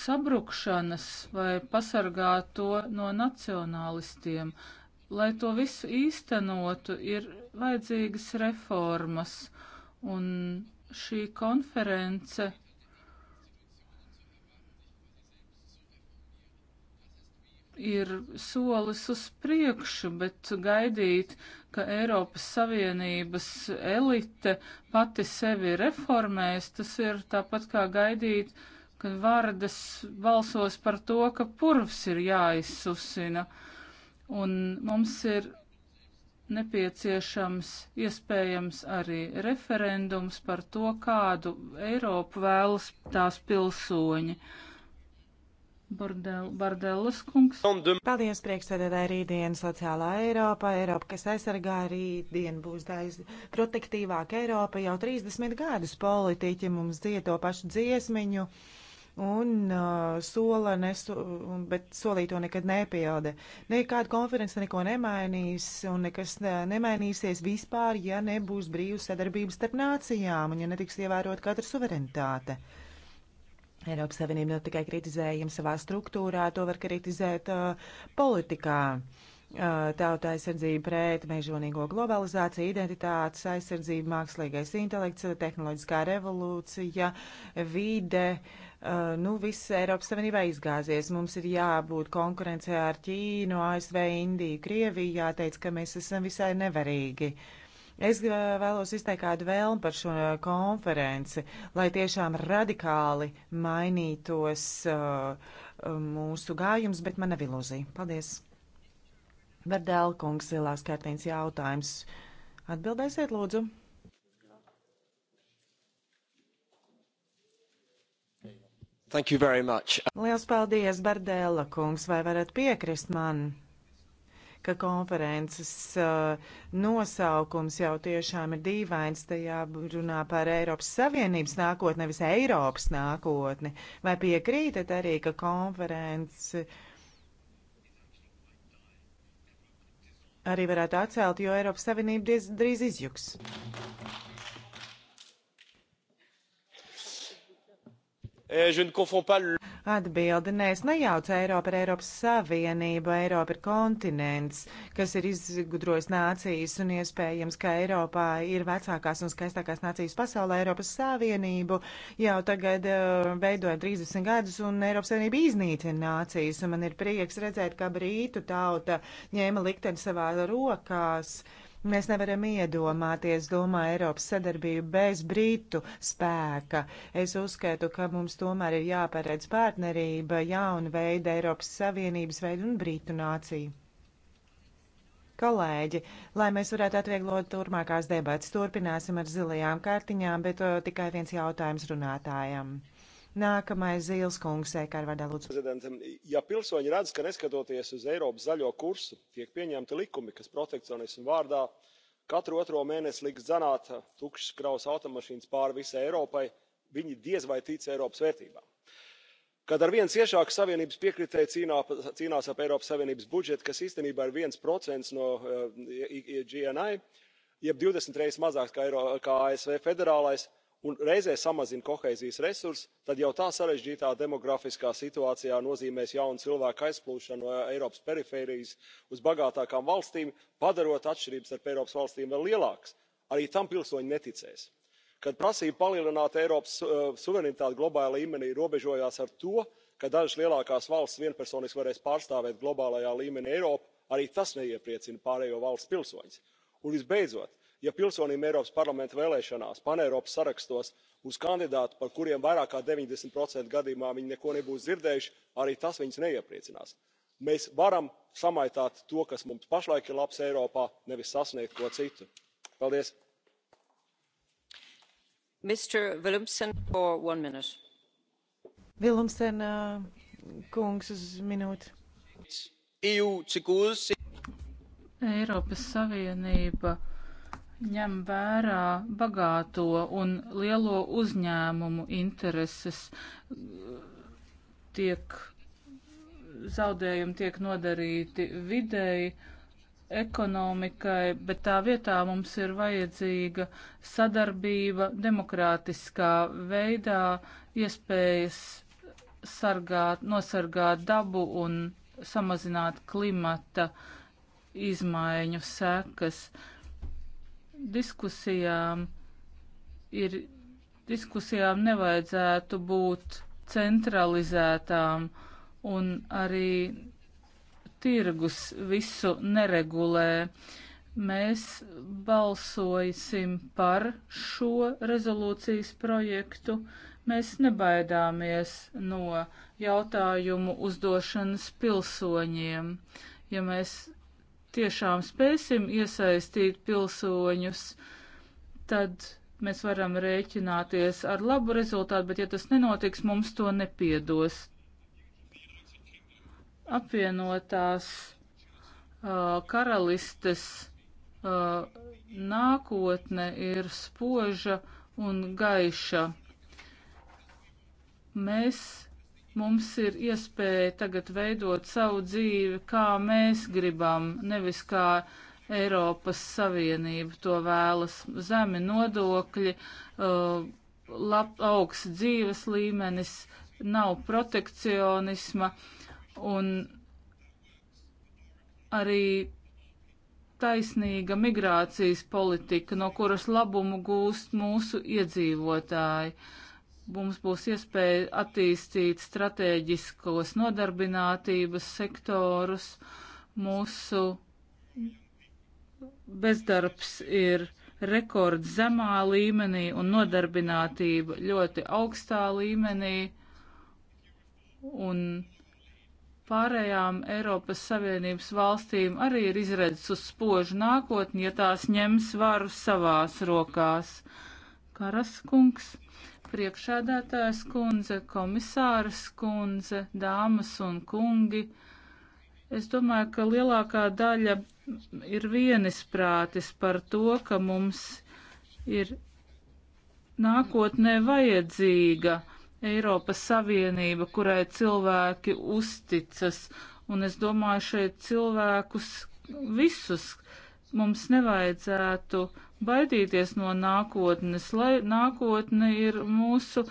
sabrukšanas vai pasargāt to no nacionālistiem. Lai to visu īstenotu, ir vajadzīgas reformas, un šī konference ir solis uz priekšu, bet gaidīt, ka Eiropas Savienības elite pati sevi reformēs, tas ir tāpat kā gaidīt, ka vārdas balsos par to, ka purvs ir jāizsusina. Un mums ir nepieciešams iespējams arī referendums par to, kādu Eiropu vēlas tās pilsoņi. Uh, Bordel, Bardelas kungs. Paldies, priekšsēdētāji, rītdien sociālā Eiropa, Eiropa, kas aizsargā rītdien būs daudz protektīvāka Eiropa. Jau 30 gadus politiķi mums dzied to pašu dziesmiņu un uh, sola, nesu, bet solīto nekad nepilda. Nekāda konference neko nemainīs un nekas nemainīsies vispār, ja nebūs brīvas sadarbības starp nācijām un ja netiks ievērot katra suverenitāte. Uh, Eiropas Savienība nav tikai kritizējama savā struktūrā, to var kritizēt uh, politikā. Uh, Tauta aizsardzība pret mežonīgo globalizāciju, identitātes aizsardzība, mākslīgais intelekts, tehnoloģiskā revolūcija, vide. Uh, nu, viss Eiropas Savienībā izgāzies. Mums ir jābūt konkurencē ar Ķīnu, ASV, Indiju, Krieviju. Jāteic, ka mēs esam visai nevarīgi. Uh, Es eh, vēlos izteikt kādu vēlmu par šo eh, konferenci, lai tiešām radikāli mainītos uh, mūsu gājums, bet man nav ilūzija. Paldies! Verdelkungs, zilās kārtīns jautājums. Atbildēsiet, lūdzu! Liels paldies, Bardēla kungs, vai varat piekrist man? ka konferences uh, nosaukums jau tiešām ir dīvains. Tajā runā par Eiropas Savienības nākotni, nevis Eiropas nākotni. Vai piekrītat arī, ka konferences arī varētu atcelt, jo Eiropas Savienība drīz, drīz izjuks? Eh, Atbildi nē, es nejaucu Eiropu ar Eiropas Savienību. Eiropa ir kontinents, kas ir izgudrojis nācijas un iespējams, ka Eiropā ir vecākās un skaistākās nācijas pasaulē. Eiropas Savienību jau tagad uh, veidoja 30 gadus un Eiropas Savienība iznīcina nācijas. Un man ir prieks redzēt, ka Brītu tauta ņēma likteni savā rokās. Uh, Mēs nevaram iedomāties, domā Eiropas sadarbību bez Britu spēka. Es uzskatu, ka mums tomēr ir jāparedz partnerība jauna veida Eiropas Savienības veidu un Britu nāciju. Kolēģi, lai mēs varētu atvieglot turmākās debatas, turpināsim ar zilajām kartiņām, bet tikai viens jautājums runātājam. Nākamais Zīles kungs, Ekārvadā lūdzu. Prezidentam, ja pilsoņi redz, ka neskatoties uz Eiropas zaļo kursu, tiek pieņemti likumi, kas protekcionismu vārdā katru otro mēnesi liks dzanāt tukšas kravas automašīnas pāri visai Eiropai, viņi diez vai tic Eiropas vērtībām kad arvien ciešāk savienības piekritēji cīnā, cīnās ap eiropas savienības budžetu kas īstenībā ir viens procents no uh, eh, gni jeb divdesmit reizes mazāks kā, Eiro, kā asv federālais un reizē samazina kohēzijas resursus tad jau tā sarežģītā demografiskā situācijā nozīmēs jaunu cilvēku aizplūšanu no eiropas perifērijas uz bagātākām valstīm padarot atšķirības starp eiropas valstīm vēl lielākas. arī tam pilsoņi neticēs. kad prasība palielināt eiropas uh, suverenitāti globālā līmenī robežojās ar to ka dažas lielākās valstis vienpersoniski varēs pārstāvēt globālajā līmenī eiropu arī tas neiepriecina pārējo valstu pilsoņus. un visbeidzot ja pilsonim eiropas parlamenta vēlēšanās paneiropas sarakstos būs kandidāti par kuriem vairāk kā deviņdesmit procentu gadījumā viņi neko nebūs dzirdējuši arī tas viņus neiepriecinās. mēs varam samaitāt to kas mums pašlaik ir labs eiropā nevis sasniegt ko citu. paldies! Vilumsen uh, kungs uz minūti. EU cik uz. Eiropas Savienība ņem vērā bagāto un lielo uzņēmumu intereses, tiek zaudējumi tiek nodarīti videi, ekonomikai, bet tā vietā mums ir vajadzīga sadarbība demokrātiskā veidā, iespējas sargāt, nosargāt dabu un samazināt klimata izmaiņu sekas. Uh, diskusijām ir, diskusijām nevajadzētu būt centralizētām un arī tirgus visu neregulē. Mēs balsosim par šo rezolūcijas projektu. Mēs nebaidāmies no jautājumu uzdošanas pilsoņiem. Ja mēs tiešām spēsim iesaistīt pilsoņus, tad mēs varam rēķināties ar labu rezultātu, bet ja tas nenotiks, mums to nepiedos. Apvienotās uh, karalistes uh, nākotne ir spoža un gaiša. Mēs Mums ir iespēja tagad veidot savu dzīvi, kā mēs gribam, nevis kā Eiropas Savienība to vēlas. Zemi nodokļi, uh, lab, augsts dzīves līmenis, nav protekcionisma un arī taisnīga migrācijas politika, no kuras labumu gūst mūsu iedzīvotāji. Uh, mums būs iespēja attīstīt strateģiskos nodarbinātības sektorus. Mūsu bezdarbs ir rekords zemā līmenī un nodarbinātība ļoti augstā līmenī. Un pārējām Eiropas Savienības valstīm arī ir izredzes uz spožu nākotni, ja tās ņems varu savās rokās. Karaskungs priekšādātājs kundze, komisāras kundze, dāmas un kungi. Es domāju, ka lielākā daļa ir vienisprātis par to, ka mums ir nākotnē vajadzīga Eiropas Savienība, kurai cilvēki uzticas, un es domāju šeit cilvēkus visus, Mums nevajadzētu baidīties no nākotnes, lai nākotne ir mūsu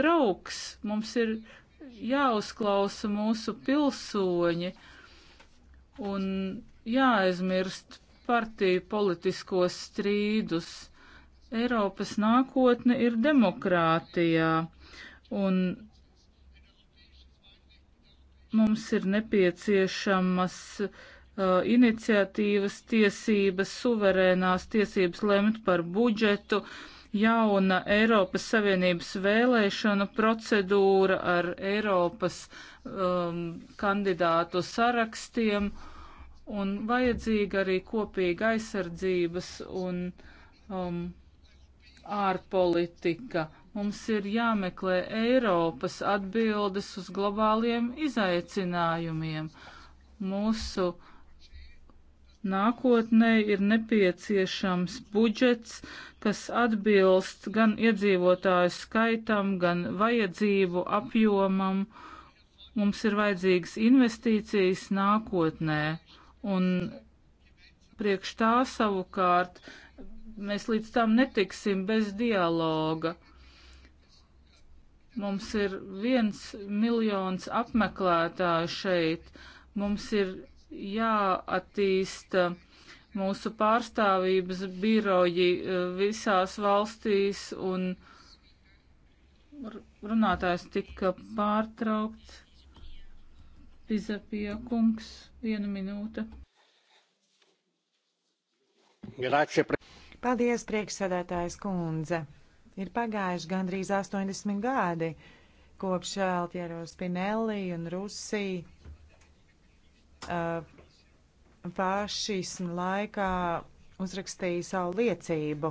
draugs. Mums ir jāuzklausa mūsu pilsoņi un jāaizmirst partiju politiskos strīdus. Eiropas nākotne ir demokrātijā, un mums ir nepieciešamas uh, uh, iniciatīvas tiesības, suverēnās tiesības lemt par budžetu, jauna Eiropas Savienības vēlēšanu procedūra ar Eiropas um, kandidātu sarakstiem un vajadzīga arī kopīga aizsardzības un um, ārpolitika. Mums ir jāmeklē Eiropas atbildes uz globāliem izaicinājumiem. Mūsu uh, Nākotnē ir nepieciešams budžets, kas atbilst gan iedzīvotāju skaitam, gan vajadzību apjomam. Mums ir vajadzīgas investīcijas nākotnē, un priekš tā savukārt mēs līdz tam netiksim bez dialoga. Mums ir viens miljons apmeklētāju šeit, mums ir jāattīsta uh, mūsu pārstāvības biroji uh, visās valstīs un runātājs tika pārtraukts. Pizapija kungs, viena minūte. Paldies, priekšsēdētājs kundze. Ir pagājuši gandrīz 80 gadi kopš Altieros Pinelli un Rusija Eh, fašismu laikā uzrakstīja savu liecību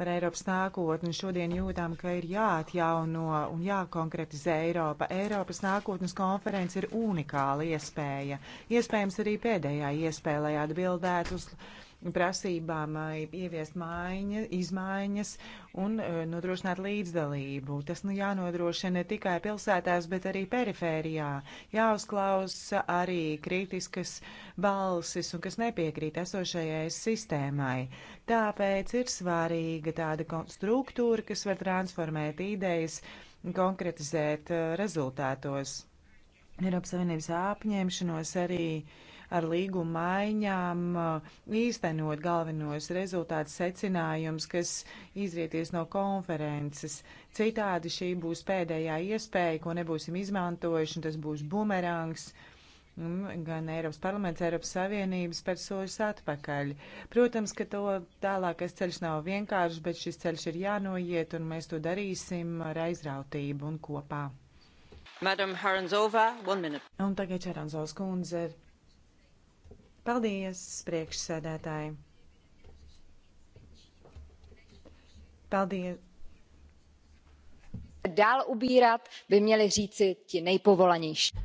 par Eiropas nākotni. Šodien jūtām, ka ir jāatjauno un jākonkretizē Eiropa. Eiropas nākotnes konference ir unikāla iespēja. Iespējams arī pēdējā iespēja, lai atbildētu uz prasībām ieviest maiņa, izmaiņas un nodrošināt līdzdalību. Tas nu jānodrošina ne tikai pilsētās, bet arī perifērijā. Jāuzklausa arī kritiskas balsis un kas nepiekrīt esošajai sistēmai. Tāpēc ir svarīga tāda struktūra, kas var transformēt idejas, konkretizēt rezultātos. Eiropas Savienības apņemšanos arī uh, ar līguma maiņām īstenot galvenos rezultātus secinājums, kas izrieties no konferences. Citādi šī būs pēdējā iespēja, ko nebūsim izmantojuši, un tas būs bumerangs. Mm, gan Eiropas parlaments, Eiropas Savienības par soļus atpakaļ. Protams, ka to tālākais ceļš nav vienkāršs, bet šis ceļš ir jānoiet, un mēs to darīsim ar aizrautību un kopā. Madam Haranzova, one minute. Un tagad Čeranzovs kundze, Paldies, priekšsēdētāji! Paldies! Dál ubírat by měli říci ti nejpovolanější.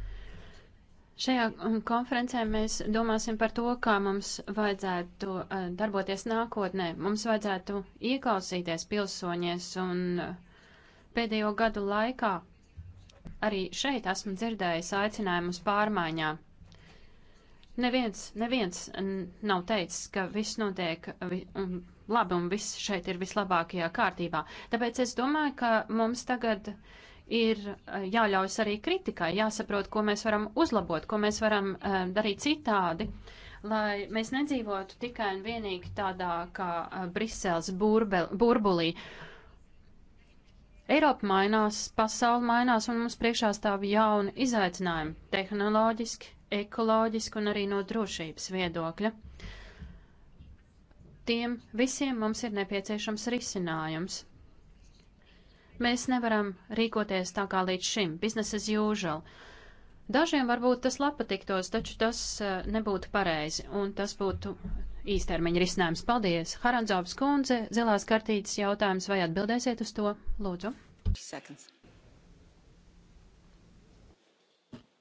Šajā um, konferencē mēs domāsim par to, kā mums vajadzētu uh, darboties nākotnē. Mums vajadzētu ieklausīties pilsoņies un uh, pēdējo gadu laikā arī šeit esmu dzirdējis aicinājumus pārmaiņām. Neviens, neviens nav teicis, ka viss notiek vi, un labi un viss šeit ir vislabākajā kārtībā. Tāpēc es domāju, ka mums tagad ir eh, jāļaujas arī kritikai, jāsaprot, ko mēs varam uzlabot, ko mēs varam uh, darīt citādi, lai mēs nedzīvotu tikai un vienīgi tādā kā uh, Briseles burbel, burbulī. Eiropa mainās, pasauli mainās un mums priekšā stāv jauni izaicinājumi tehnoloģiski, ekoloģiski un arī no drošības viedokļa. Tiem visiem mums ir nepieciešams risinājums. Mēs nevaram rīkoties tā kā līdz šim, business as usual. Dažiem varbūt tas patiktos, taču tas eh, nebūtu pareizi, un tas būtu īstermiņa risinājums. Paldies! Harandzovs kundze, zilās kartītes jautājums, vai atbildēsiet uz to? Lūdzu! Seconds.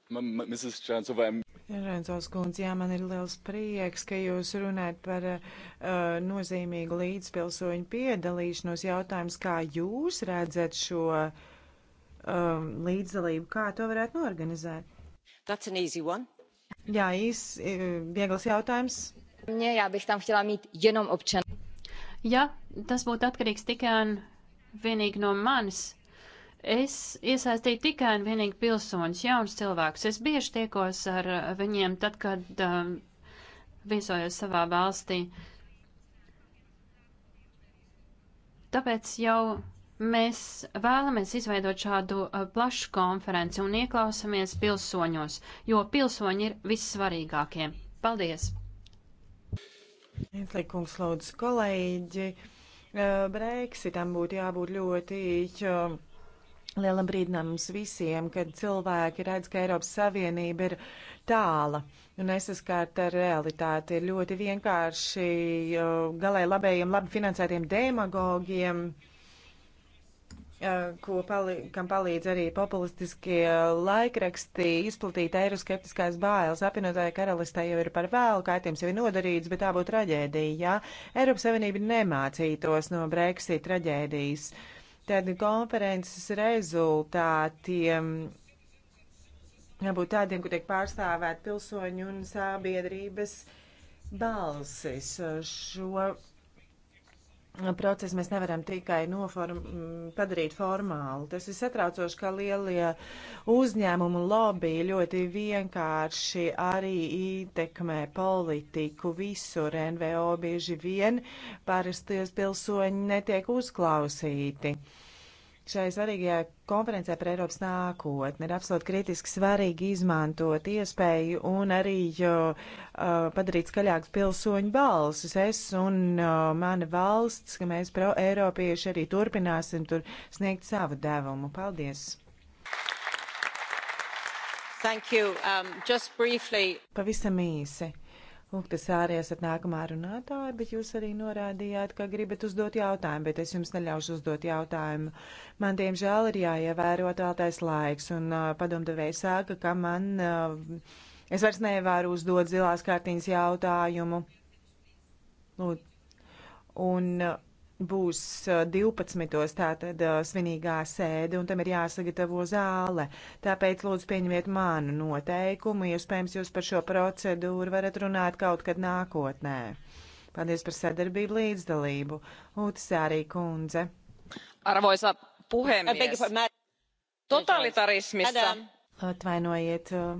Mrs. Chancellor, I'm Renzaus kundze, jā, man ir liels prieks, ka jūs runājat par uh, nozīmīgu līdzpilsoņu piedalīšanos. Jautājums, kā jūs redzat šo um, uh, līdzdalību, kā to varētu norganizēt? That's an easy one. Jā, īs, viegls jautājums. Mne, jā, bych tam chtěla mít jenom občan. Ja, tas būtu atkarīgs tikai un vienīgi no manis Es iesaistīju tikai un vienīgi pilsoņus, jaunus cilvēkus. Es bieži tiekos ar viņiem tad, kad um, viesojos savā valstī. Tāpēc jau mēs vēlamies izveidot šādu uh, plašu konferenci un ieklausamies pilsoņos, jo pilsoņi ir vissvarīgākie. Paldies! Likums lūdzu kolēģi, uh, Brexitam būtu jābūt ļoti. Uh, Lielam brīdinām mums visiem, kad cilvēki redz, ka Eiropas Savienība ir tāla un nesaskārta ar realitāti. Ir ļoti vienkārši galēji labējiem, labi finansētiem demagogiem, ko pali, kam palīdz arī populistiskie laikraksti izplatīt eiroskeptiskās bāles. Apvienotāja karalistē jau ir par vēlu, kaitījums jau ir nodarīts, bet tā būtu traģēdija, ja Eiropas Savienība nemācītos no Brexit traģēdijas. Uh, Tad konferences rezultātiem jābūt tādiem, kur tiek pārstāvēt pilsoņu un sabiedrības balsis. Šo procesu mēs nevaram tikai noform, padarīt formālu. Tas ir satraucoši, ka lielie uzņēmumu lobby ļoti vienkārši arī ietekmē politiku visur. NVO bieži vien parasties pilsoņi netiek uzklausīti. Uh, Šai svarīgajā konferencē par Eiropas nākotni ir absolūti kritiski svarīgi izmantot iespēju un arī uh, padarīt skaļākas pilsoņu balsis. Es un uh, mana valsts, ka mēs pro-eiropieši arī turpināsim tur sniegt savu devumu. Paldies! Thank you. Um, just briefly. Pavisam īsi. Lūk, tas arī esat nākamā runātāja, bet jūs arī norādījāt, ka gribat uzdot jautājumu, bet es jums neļaušu uzdot jautājumu. Man, diemžēl, ir jāievēro tāltais laiks, un uh, padomdevēja sāka, ka man, uh, es vairs nevaru uzdot zilās kārtiņas jautājumu. Lūd. Un uh, būs 12. Eh, tātad eh, svinīgā sēde, un tam ir jāsagatavo zāle. Tāpēc lūdzu pieņemiet manu noteikumu, iespējams jūs par šo procedūru varat runāt kaut kad nākotnē. Paldies par sadarbību līdzdalību. Utisārī kundze. Arvoisa puhemies. Totalitarismissa. Atvainojiet, eh,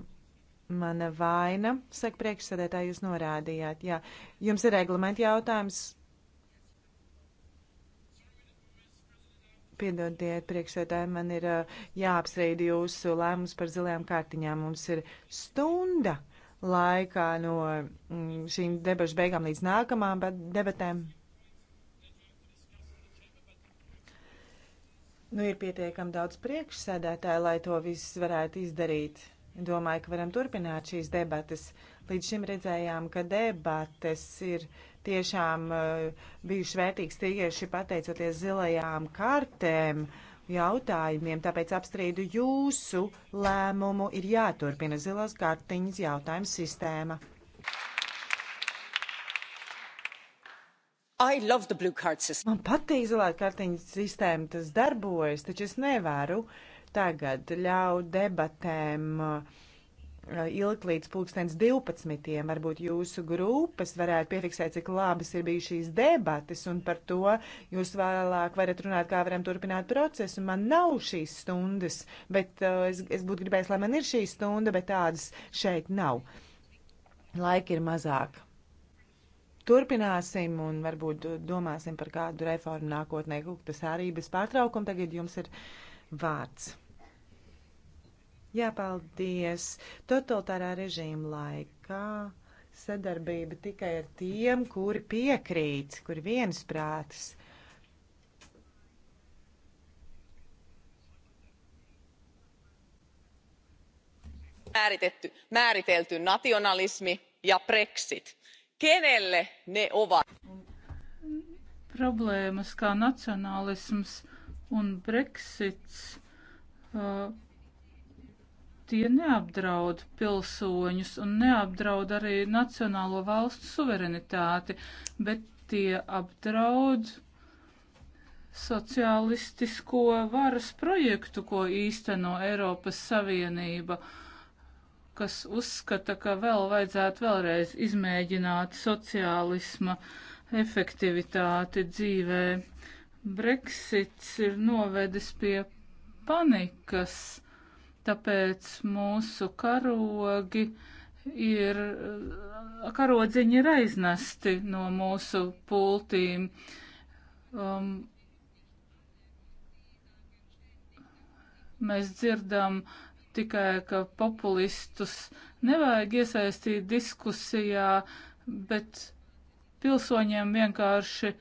mana vaina, saka priekšsēdētāji, jūs norādījāt. Jā, jums ir reglamenta jautājums Piedodiet, priekšsēdētāji, man ir jāapsreid jūsu lēmums par zilajām kārtiņām. Mums ir stunda laikā no mm, šīm debašu beigām līdz nākamām debatēm. Nu, ir pietiekami daudz priekšsēdētāju, lai to viss varētu izdarīt. Domāju, ka varam turpināt šīs debates. Līdz šim redzējām, ka debates ir tiešām eh, bijuši vērtīgs tieši pateicoties zilajām kartēm jautājumiem, tāpēc apstrīdu jūsu lēmumu ir jāturpina zilās kartiņas jautājuma sistēma. Man patīk zilā kartiņa sistēma, tas darbojas, taču es nevaru tagad ļaut debatēm uh, ilgt līdz pulkstens 12. Varbūt jūsu grupas varētu piefiksēt, cik labas ir bijušas šīs debates, un par to jūs vēlāk varat runāt, kā varam turpināt procesu. Man nav šīs stundas, bet uh, es, es būtu gribējis, lai man ir šī stunda, bet tādas šeit nav. Laika ir mazāk. Turpināsim un varbūt domāsim par kādu reformu nākotnē. Tas arī bez pārtraukuma tagad jums ir vārds. Jā, paldies. Totalitārā režīma laikā sadarbība tikai ar tiem, kuri piekrīt, kuri viensprātis. määritetty, määritelty nationalismi ja Brexit. Kenelle ne ovat? Problēmas kā nacionālisms un Brexits uh, tie neapdraud pilsoņus un neapdraud arī nacionālo valstu suverenitāti, bet tie apdraud sociālistisko varas projektu, ko īsteno Eiropas Savienība, kas uzskata, ka vēl vajadzētu vēlreiz izmēģināt sociālisma efektivitāti dzīvē. Brexits ir novedis pie panikas tāpēc mūsu karogi ir, eh, karodziņi ir aiznesti no mūsu pultīm. Um, mēs dzirdam tikai, ka populistus nevajag iesaistīt diskusijā, bet pilsoņiem vienkārši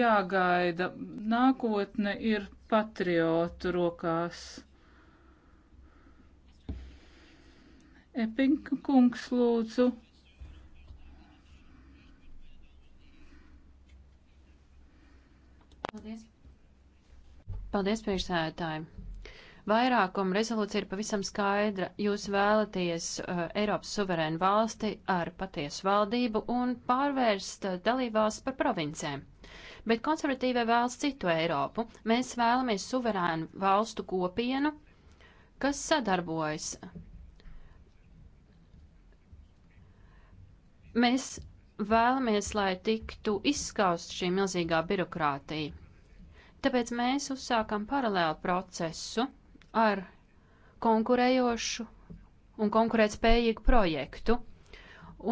jāgaida. Nākotne ir patriotu rokās. Epinka kungs lūdzu. Paldies. Paldies, priekšsēdētāji. Vairākuma rezolūcija ir pavisam skaidra. Jūs vēlaties uh, Eiropas suverēnu valsti ar patiesu valdību un pārvērst uh, dalībvalsts par provincēm. Bet konservatīvie vēlas citu Eiropu. Mēs vēlamies suverēnu valstu kopienu, kas sadarbojas Mēs vēlamies, lai tiktu izskaust šī milzīgā birokrātija. Tāpēc mēs uzsākam paralēlu procesu ar konkurējošu un konkurētspējīgu projektu,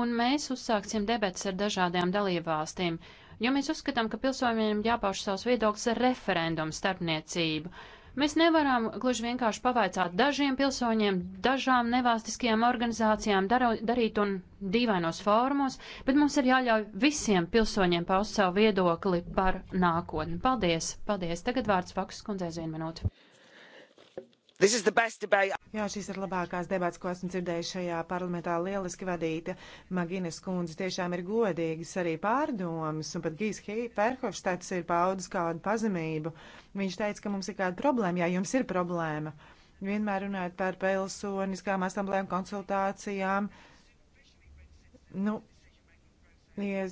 un mēs uzsāksim debatas ar dažādām dalībvalstīm, jo mēs uzskatām, ka pilsoņiem jāpauž savs viedoklis ar referendumu starpniecību. Uh, Mēs nevaram gluži vienkārši pavaicāt dažiem pilsoņiem, dažām nevalstiskajām organizācijām daro, darīt un dīvainos fórumos, bet mums ir jāļauj visiem pilsoņiem paust savu viedokli par nākotni. Paldies! Paldies! Tagad vārds Fakus kundzei uz vienu minūti. Jā, šīs ir labākās debats, ko esmu dzirdējis šajā parlamentā. Lieliski vadīta Maginas kundze tiešām ir godīgas arī pārdomas, un pat Gīs Perhofstads ir paudis kādu pazemību. Viņš teica, ka mums ir kāda problēma, jā, jums ir problēma. Vienmēr runājot par pilsoniskām asamblēm, konsultācijām. Nu, ja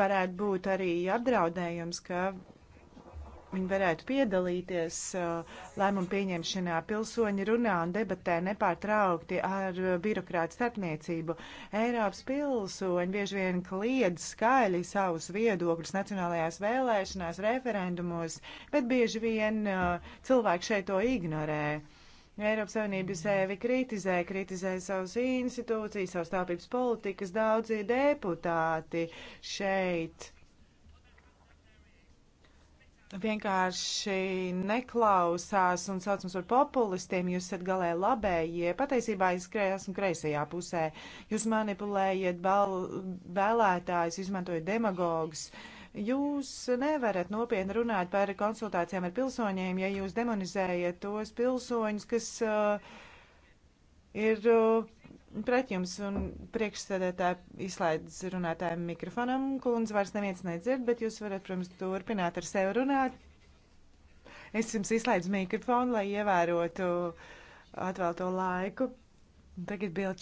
varētu būt arī apdraudējums, ka viņi varētu piedalīties uh, lēmumu pieņemšanā. Pilsoņi runā un debatē nepārtraukti ar uh, birokrātu starpniecību. Eiropas pilsoņi bieži vien kliedz skaļi savus viedokļus nacionālajās vēlēšanās, referendumos, bet bieži vien uh, cilvēki šeit to ignorē. Eiropas Savienība sevi kritizē, kritizē savas institūcijas, savas tāpības politikas, daudzi deputāti šeit vienkārši neklausās un sauc mums par populistiem, jūs esat galē labējie, patiesībā es kre, esmu kreisajā pusē, jūs manipulējiet vēlētājs, izmantojat demagogus. Jūs nevarat nopietni runāt par konsultācijām ar pilsoņiem, ja jūs demonizējat tos pilsoņus, kas uh, ir uh, pret jums un priekšsēdētāji izslēdz runātājiem mikrofonam. Kundze vairs neviens nedzird, bet jūs varat, protams, turpināt ar sevi runāt. Es jums izslēdzu mikrofonu, lai ievērotu atvēlto laiku. Tagad bilčē.